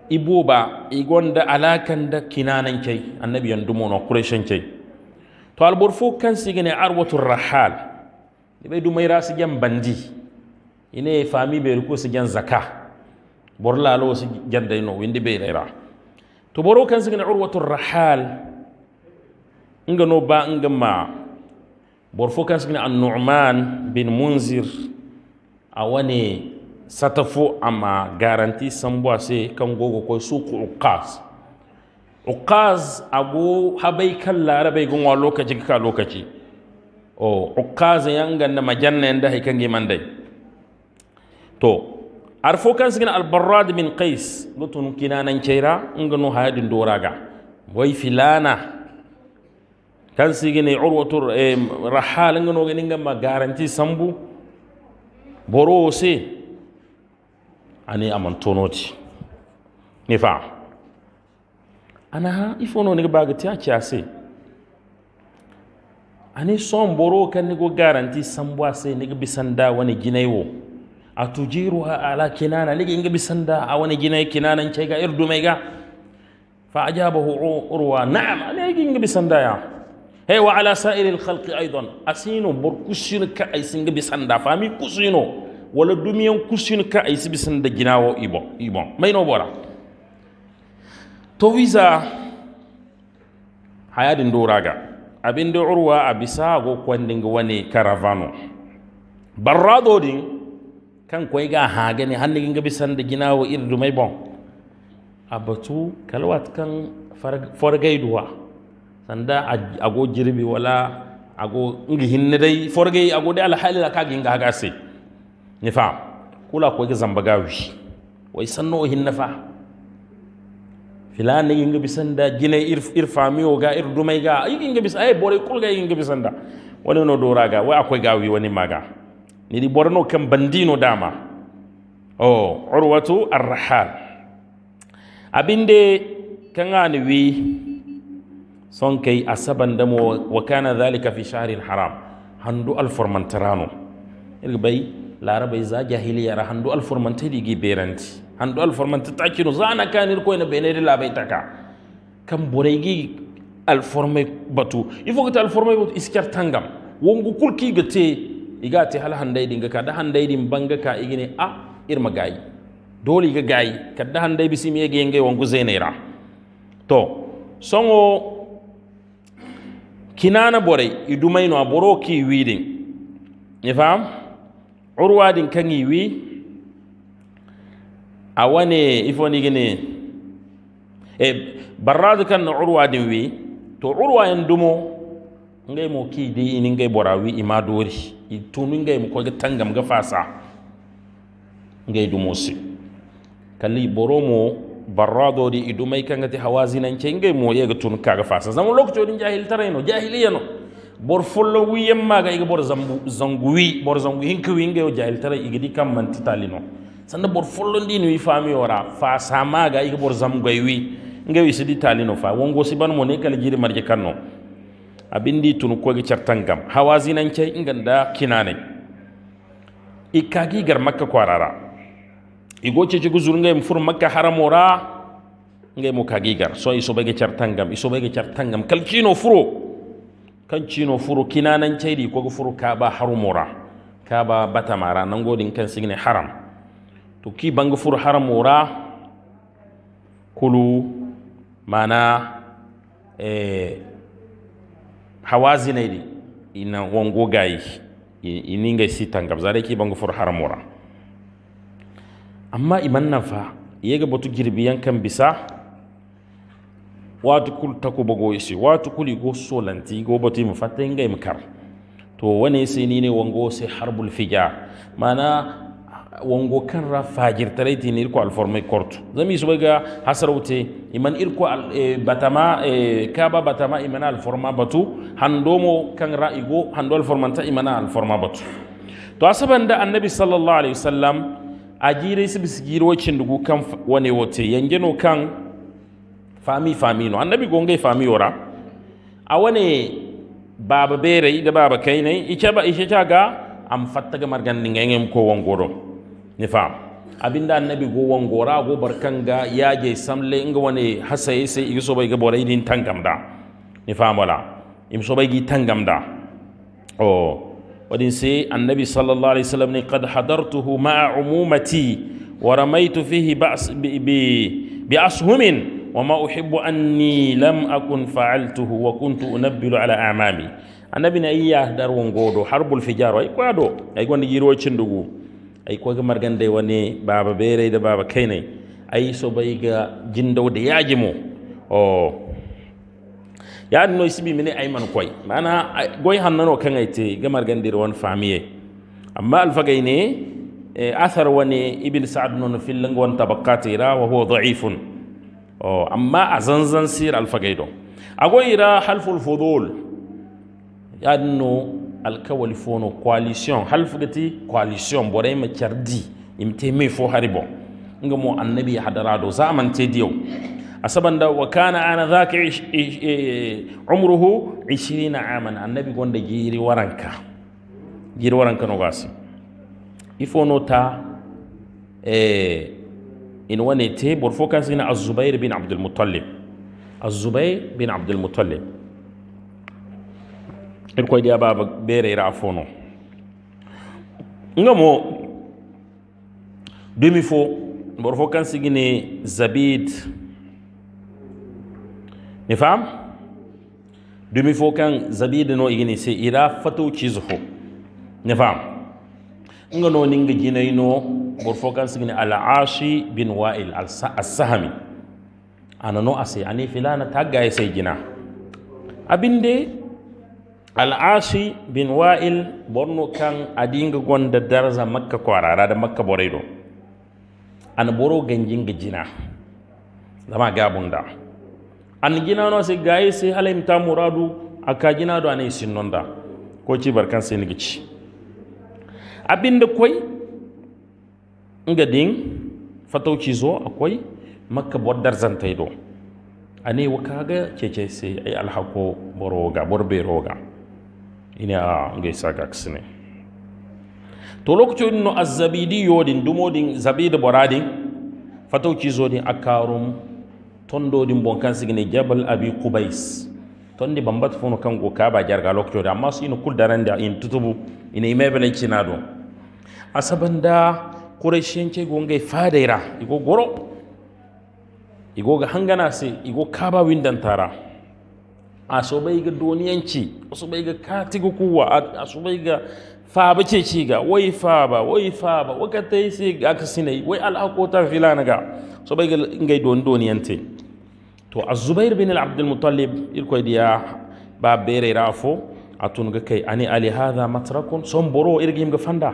Speaker 2: iboba igonda alakan da kinanan kai annabi dumo na quraishan kai to alburfu kan kan sigine arwatu rahal ibe du mai rasu gen bandi ine fami be ruku su gen zaka borla lo su gen dai no windi be ra to boro kan sigine urwatu rahal inga no ba inga ma bor kan sigine an nu'man bin munzir awane satafo ma garanti sambwa se kan gogo ko suku ukaz a go habai kan larabai gun wa lokaci ka lokaci o ya yanga na majanna yanda hay kan dai to arfo kan sigin albarrad min qais lutun kinanan chaira ngano hadin doraga wai filana kan sigine urwatu e rahal ngano ganin ma garanti sambu boro se ani amantonoti ni fa anaha ifono ni baga ti akyase ani son boro kan ni go garanti sambwa se ni bisanda wani ginaiwo atujiruha ala kinana ni inga bisanda a wani ginai kinanan ce ga irdu mai ga fa ajabahu urwa na'am ni inga bisanda ya hey wa ala sa'iril khalqi aidan asino burkusin kushin ka ai singa bisanda fami kusino wala dumiyan kusin ka ay sibisin da ginawo ibo ibo mai no bora to visa hayadin doraga abin da urwa a bisa go kwandin wani caravano barrado din kan kwai ga haga ne hannun ga bisan da ginawo irin dumai bon a batu kalwat kan fargaiduwa sanda ago girbi wala ago ngihin ne dai forgai ago dai alhalila da kagin ga haga sai nifa kula ko ga zamba gawi wai sanno hin nafa filana yinga bisanda jine ir ir famiyo ga ir dumai ga yinga bis ay bore kul ga yinga da wani no dora ga wai akwai gawi wani maga ni di borno kan bandino dama oh urwatu arrahal abinde kan ani wi son kai asaban da mu wa kana dhalika fi shahril haram handu alformantarano irbai larabai za ra handu alformanta digi beranti handu alformanta takino zana kanir bene benedi labai taka burai gi alformai batu ifo ta alformai batu iskar tangam wongu kulki gate igate hal handai dinga ka da handai din banga ka igine a irma gayi dole ga gayi da handai bisimi yege yenge wongu zenera to songo kinana bore idumaino aboro ki widin ni fam urwa din kan wi a wane ifoni gine e barradu kan na urwa din wi to urwa yan dumo ngai mo ki di ni ngai borawi ima dori tunu ngai mo ko tangam ga fasa ngai dumo si kalli boromo barrado di idumai kan ga ti hawazinan ce ngai mo ye ga tun ka ga fasa zaman lokacin jahil tarayno jahiliyano bor follo wiyemmaga iga bor zanguwi bor zangu hinkiwinga yo jahiltara igidi kam manti talino sanda bor follo ndini wi fami ora fa samaga iga bor zamgay wi ngewi isidi talino fa wongo siban mo ne kala jiri marje kanno abindi tunu ko kogi cartangam hawazinance inganda kinane ikagi gar makka kwarara igoce ci guzur ngay fur makka haramora ngay mo kagigar so isobege cartangam isobege cartangam kalcino furo kan cino furu kinanan ceri ko furu ka ba harumura ka ba bata mara nan godin kan signe haram to ki banga furu haramura kulu mana eh, ne ina wango gayi ininga sitan zare ki bangu haram haramura amma iman fa, yega botu girbi yankan bisa watu kul tako bago isi watu kuli go solanti go bati mu fatta ingai mu kar to wane sai ni ne wango sai harbul fija mana wango kan ra fajir taraiti ne irko alforme kortu zami su baga hasaraute iman irko e, batama e, kaba batama imana alforma batu handomo kan ra igo hando alformanta imana alforma batu to asaban da annabi sallallahu alaihi wasallam ajire su bisgiro cin dugu kan wane wote yangeno kan fami fami no annabi gongai fami wora awane baba bere ida baba kainai ice ba ice caga am fattaga margan ningengem ko wongoro ni fam abinda annabi go wongora go barkanga yaje samle inga wane hasaye sai iga so bai ga borai tangamda ni fam wala im so bai gi tangamda o wadin sai annabi sallallahu alaihi wasallam ni qad hadartuhu ma'a umumati wa ramaitu fihi bi bi bi ashumin wama uhibbu anni lam akun fa'altuhu wa kuntu unabbilu ala amami annabi na iya dar wongoɗo harbul fijaro ay koya ɗo ay gonde yiro cindugu ay koga margande woni baba da baba kaynay ay so bayga jindowde yaaji mo o yaade no sibi mine ayman koy mana goy hannano kangay te ga margandire won famiye amma alfagay ne eh, athar woni ibine saad noon fillango won tabakatira wa huwa daifun Oh, amma a zanzan sir alfagaido agoyira halful fudul yaadno alkawali fono coalition halfugati coalition boray ma cardi imte mai fo haribo, inga nga mo annabi hadarado zaman te diyo da wa kana ana dhaka e, umruhu 20 aman annabi gonda jiri waranka waranka no gasi ifono ta e, ان وان تي بور فوكس هنا الزبير بن عبد المطلب الزبير بن عبد المطلب الكو دي ابا بيري رافونو نمو دمي فو بور فوكس غيني زبيد نفهم دمي فو كان زبيد نو يغني سي يرا فتو تشيزو نفهم نغنو نينغ جينينو burfo kan al'ashi bin wa'il al sahami anano ase ani filana tagaye sai gina abinde al'ashi bin wa'il borno kan adinga gonda daraza makka kwarara da makka boraido an boro ganjin gina zama gabunda an gina no sai gaye sai ta muradu aka gina do anai sinnonda ko ci barkan sai gici abinda koi ngadin fatauci zo akwai makka boddar zantai do ane ce cece se ay alhako boroga borbe roga ina a ngai saga ksine to lokacin no azzabidi yodin dumodin zabida boradin fatauci zo din akarum tondodin kan sigine jabal abi qubais tondi bambat fono kango ba jarga lokacin amma su ina kuldarande in tutubu ina imebelen cinado asabanda quraishenke gonga fadayra igo goro ga hangana se igo kaba bai ga doniyanci asobaiga katiga kuwa fa faba ce ci ga wai faba wai faba waka yi sai ga aka sinai wai alhaqota filana ga sobaiga ngai don doniyante to azubair bin al-abd al-muttalib irko diya ba bere rafo tun ga kai ani ali hadha matrakun somboro irgim ga fanda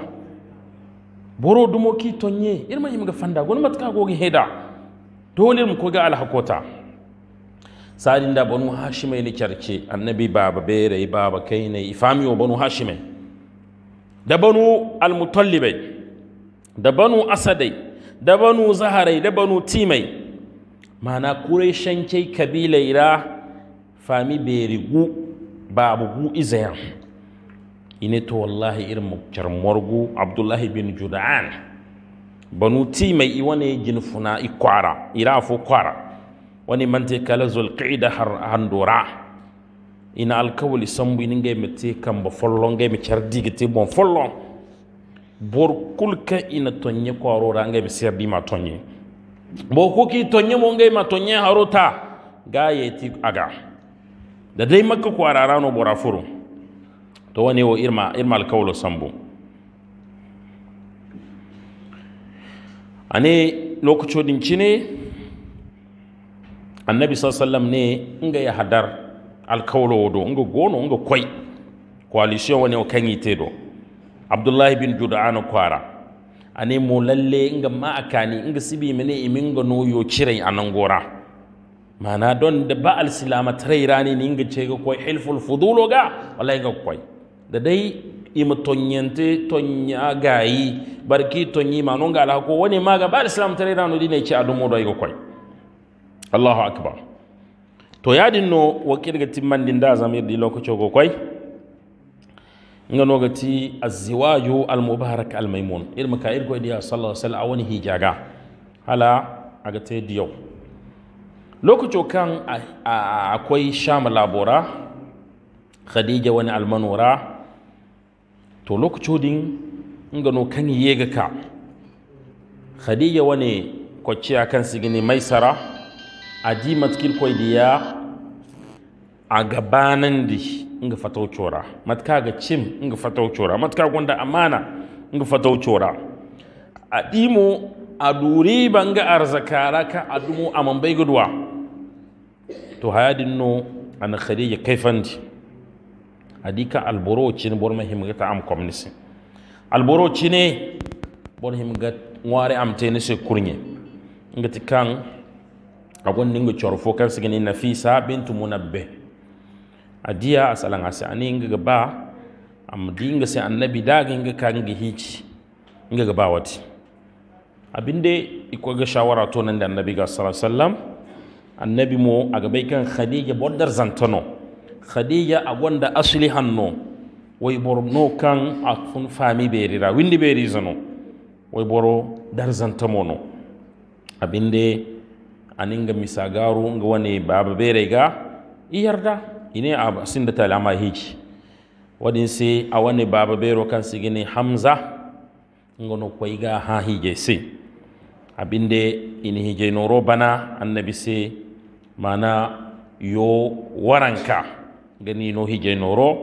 Speaker 2: boro dumo ki tonye irma imga fanda gon matka gogi heda dole mu koga alhakota sadin da banu hashime ni kyarce annabi baba bere baba kai ne ifami wa banu hashime da banu almutallibai da banu asadai da banu zaharai da banu timai mana kureshen kai kabila ira fami berigu babu gu izayan ine to wallahi irin mukcar morgu abdullahi bin juda'an banu ti mai wani jin funa i kwara ira fo kwara wani mante kala zulqida har handura ina alkawali sambu ni ngay mete kamba follon ngay mi cardi gite bon follon bor kulka ina tonye kwaro ra ngay mi serdi ma tonye bo ko ki tonye mo ngay ma tonye harota yi ti aga da dai makka kwara rano bora furu to woni o irma irmal kawlo sambo ane ci ne annabi sallam ne inga ya hadar alkawlo wodo inga gono kwai koy coalition woni o kañite do Abdullahi bin judaana kwara ane mo lalle inga ma akani inga sibi mene iminga a nan gora mana don da ba alsilama tarai rani inga ce ga kwai hilful fudulo ga wallahi ga kwai. da dai ima tonyente tonya gayi barki tonyi ma non gala ko wani ma ga ba islam tare da no dine ci adumo do ko koy allahu akbar to din no wakir ga din da zamir di lokaci go koy ngano ga ti azwaju al mubarak al maimun irma ka irgo di sallallahu alaihi wasallam wani hijaga hala aga te diyo lokaci kan akwai sham labora khadija wani almanura to lokacodin ngano kan yega ka khadija wane a kan sigini maisara aji matkil koydiya a di nga fatau cora matka ga cim nga fatau cora matka gwanda amana nga fatau cora a dimu a duri banga arzakara ka a dumo a mambai gudwa to hayadin no an khadija di. adika alboro cine borma ta am komnisi alboro cine bor himga ware am tene se kurnye ngati kan agon ninga chor fo kan sigini nafisa bint munabbe adiya asalanga se ani nga ba am dinga se annabi daga nga kan gi hici nga ba wati abinde iko ga shawara to nan da annabi ga sallallahu alaihi wasallam annabi mo aga bai kan khadija bodar zantono khadija a gonda asli hannu, way boro no kan a fun fami berira windi zano way boro mono abinde aninga misagaru nga wani baba bere ga i ine a da talama hiji? wadin se a wani baba bero kan sigini no kwai ga ha hije se abinde ina noro bana annabi se mana yo waranka gani no hije noro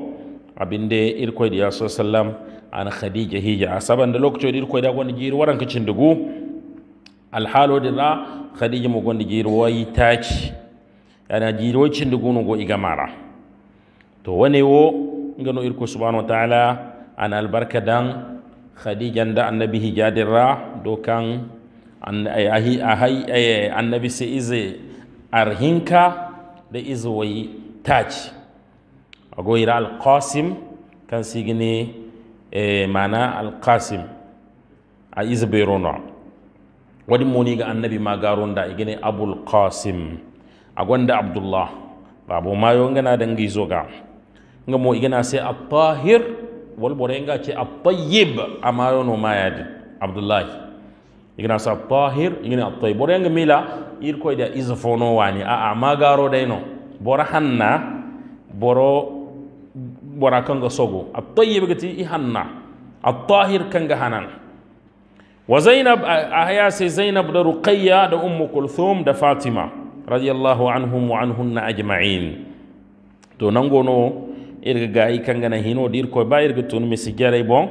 Speaker 2: abinde irko da ya sallam an khadija hija saban da lokacin da irko da gonda jiri waran kacin dugu alhalo da na khadija mu gonda jir wai ci yana jiri wai cin dugu no iga mara to wane wo gano irko subhanahu wa ta'ala an albarka dan khadija da annabi hijadirra dokan an ahi annabi sai izai arhinka da ta taci ago yira alqasim kan sigini e mana alqasim a izbiruno wadi ga annabi ma garonda igini abul qasim gwanda abdullah babo mayo ngana dangi zoga nga mo igana se at-tahir wal borenga ce at-tayyib amayo no mayadi abdullah igana se at-tahir igana at-tayyib borenga mila ir koyda izfono wani a a ma garo dayno bora hanna boro bora kanga sogo at-tayyib gati ihanna at-tahir kanga hanan wa zainab ahya sai zainab da ruqayya da ummu kulthum da fatima radiyallahu anhum wa anhunna ajma'in to gono irga gayi kanga na hino dir ko ba irga tun misigare bon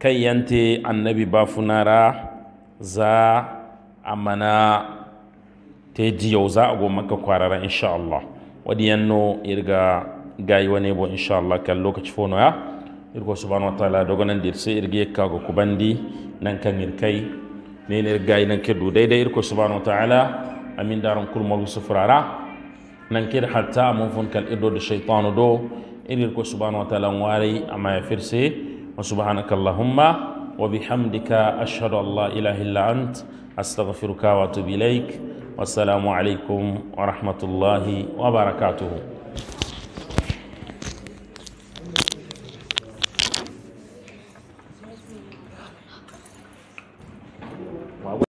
Speaker 2: kai yante annabi ba funara za amana te diyo za a go ka kwarara insha Allah yanno irga wane bo inchallah kal lokaci fo noya irgo subhanahu wa taala dogonandir se irgi yekkago ko bandi nan kaŋir kay ne gayi nan ke du irko subhanahu wa taala amin daron kurmogu sufrara nan kir hatta amon fon kal irdode cheitanu do irir ko subhanahu wa taala amma ya firse wa subhanaka allahumma wa bihamdika ashhadu an la ilaha illa ant astaghfiruka wa atubu ilayk wassalamu alaikum wa rahmatullahi wa barakatuhu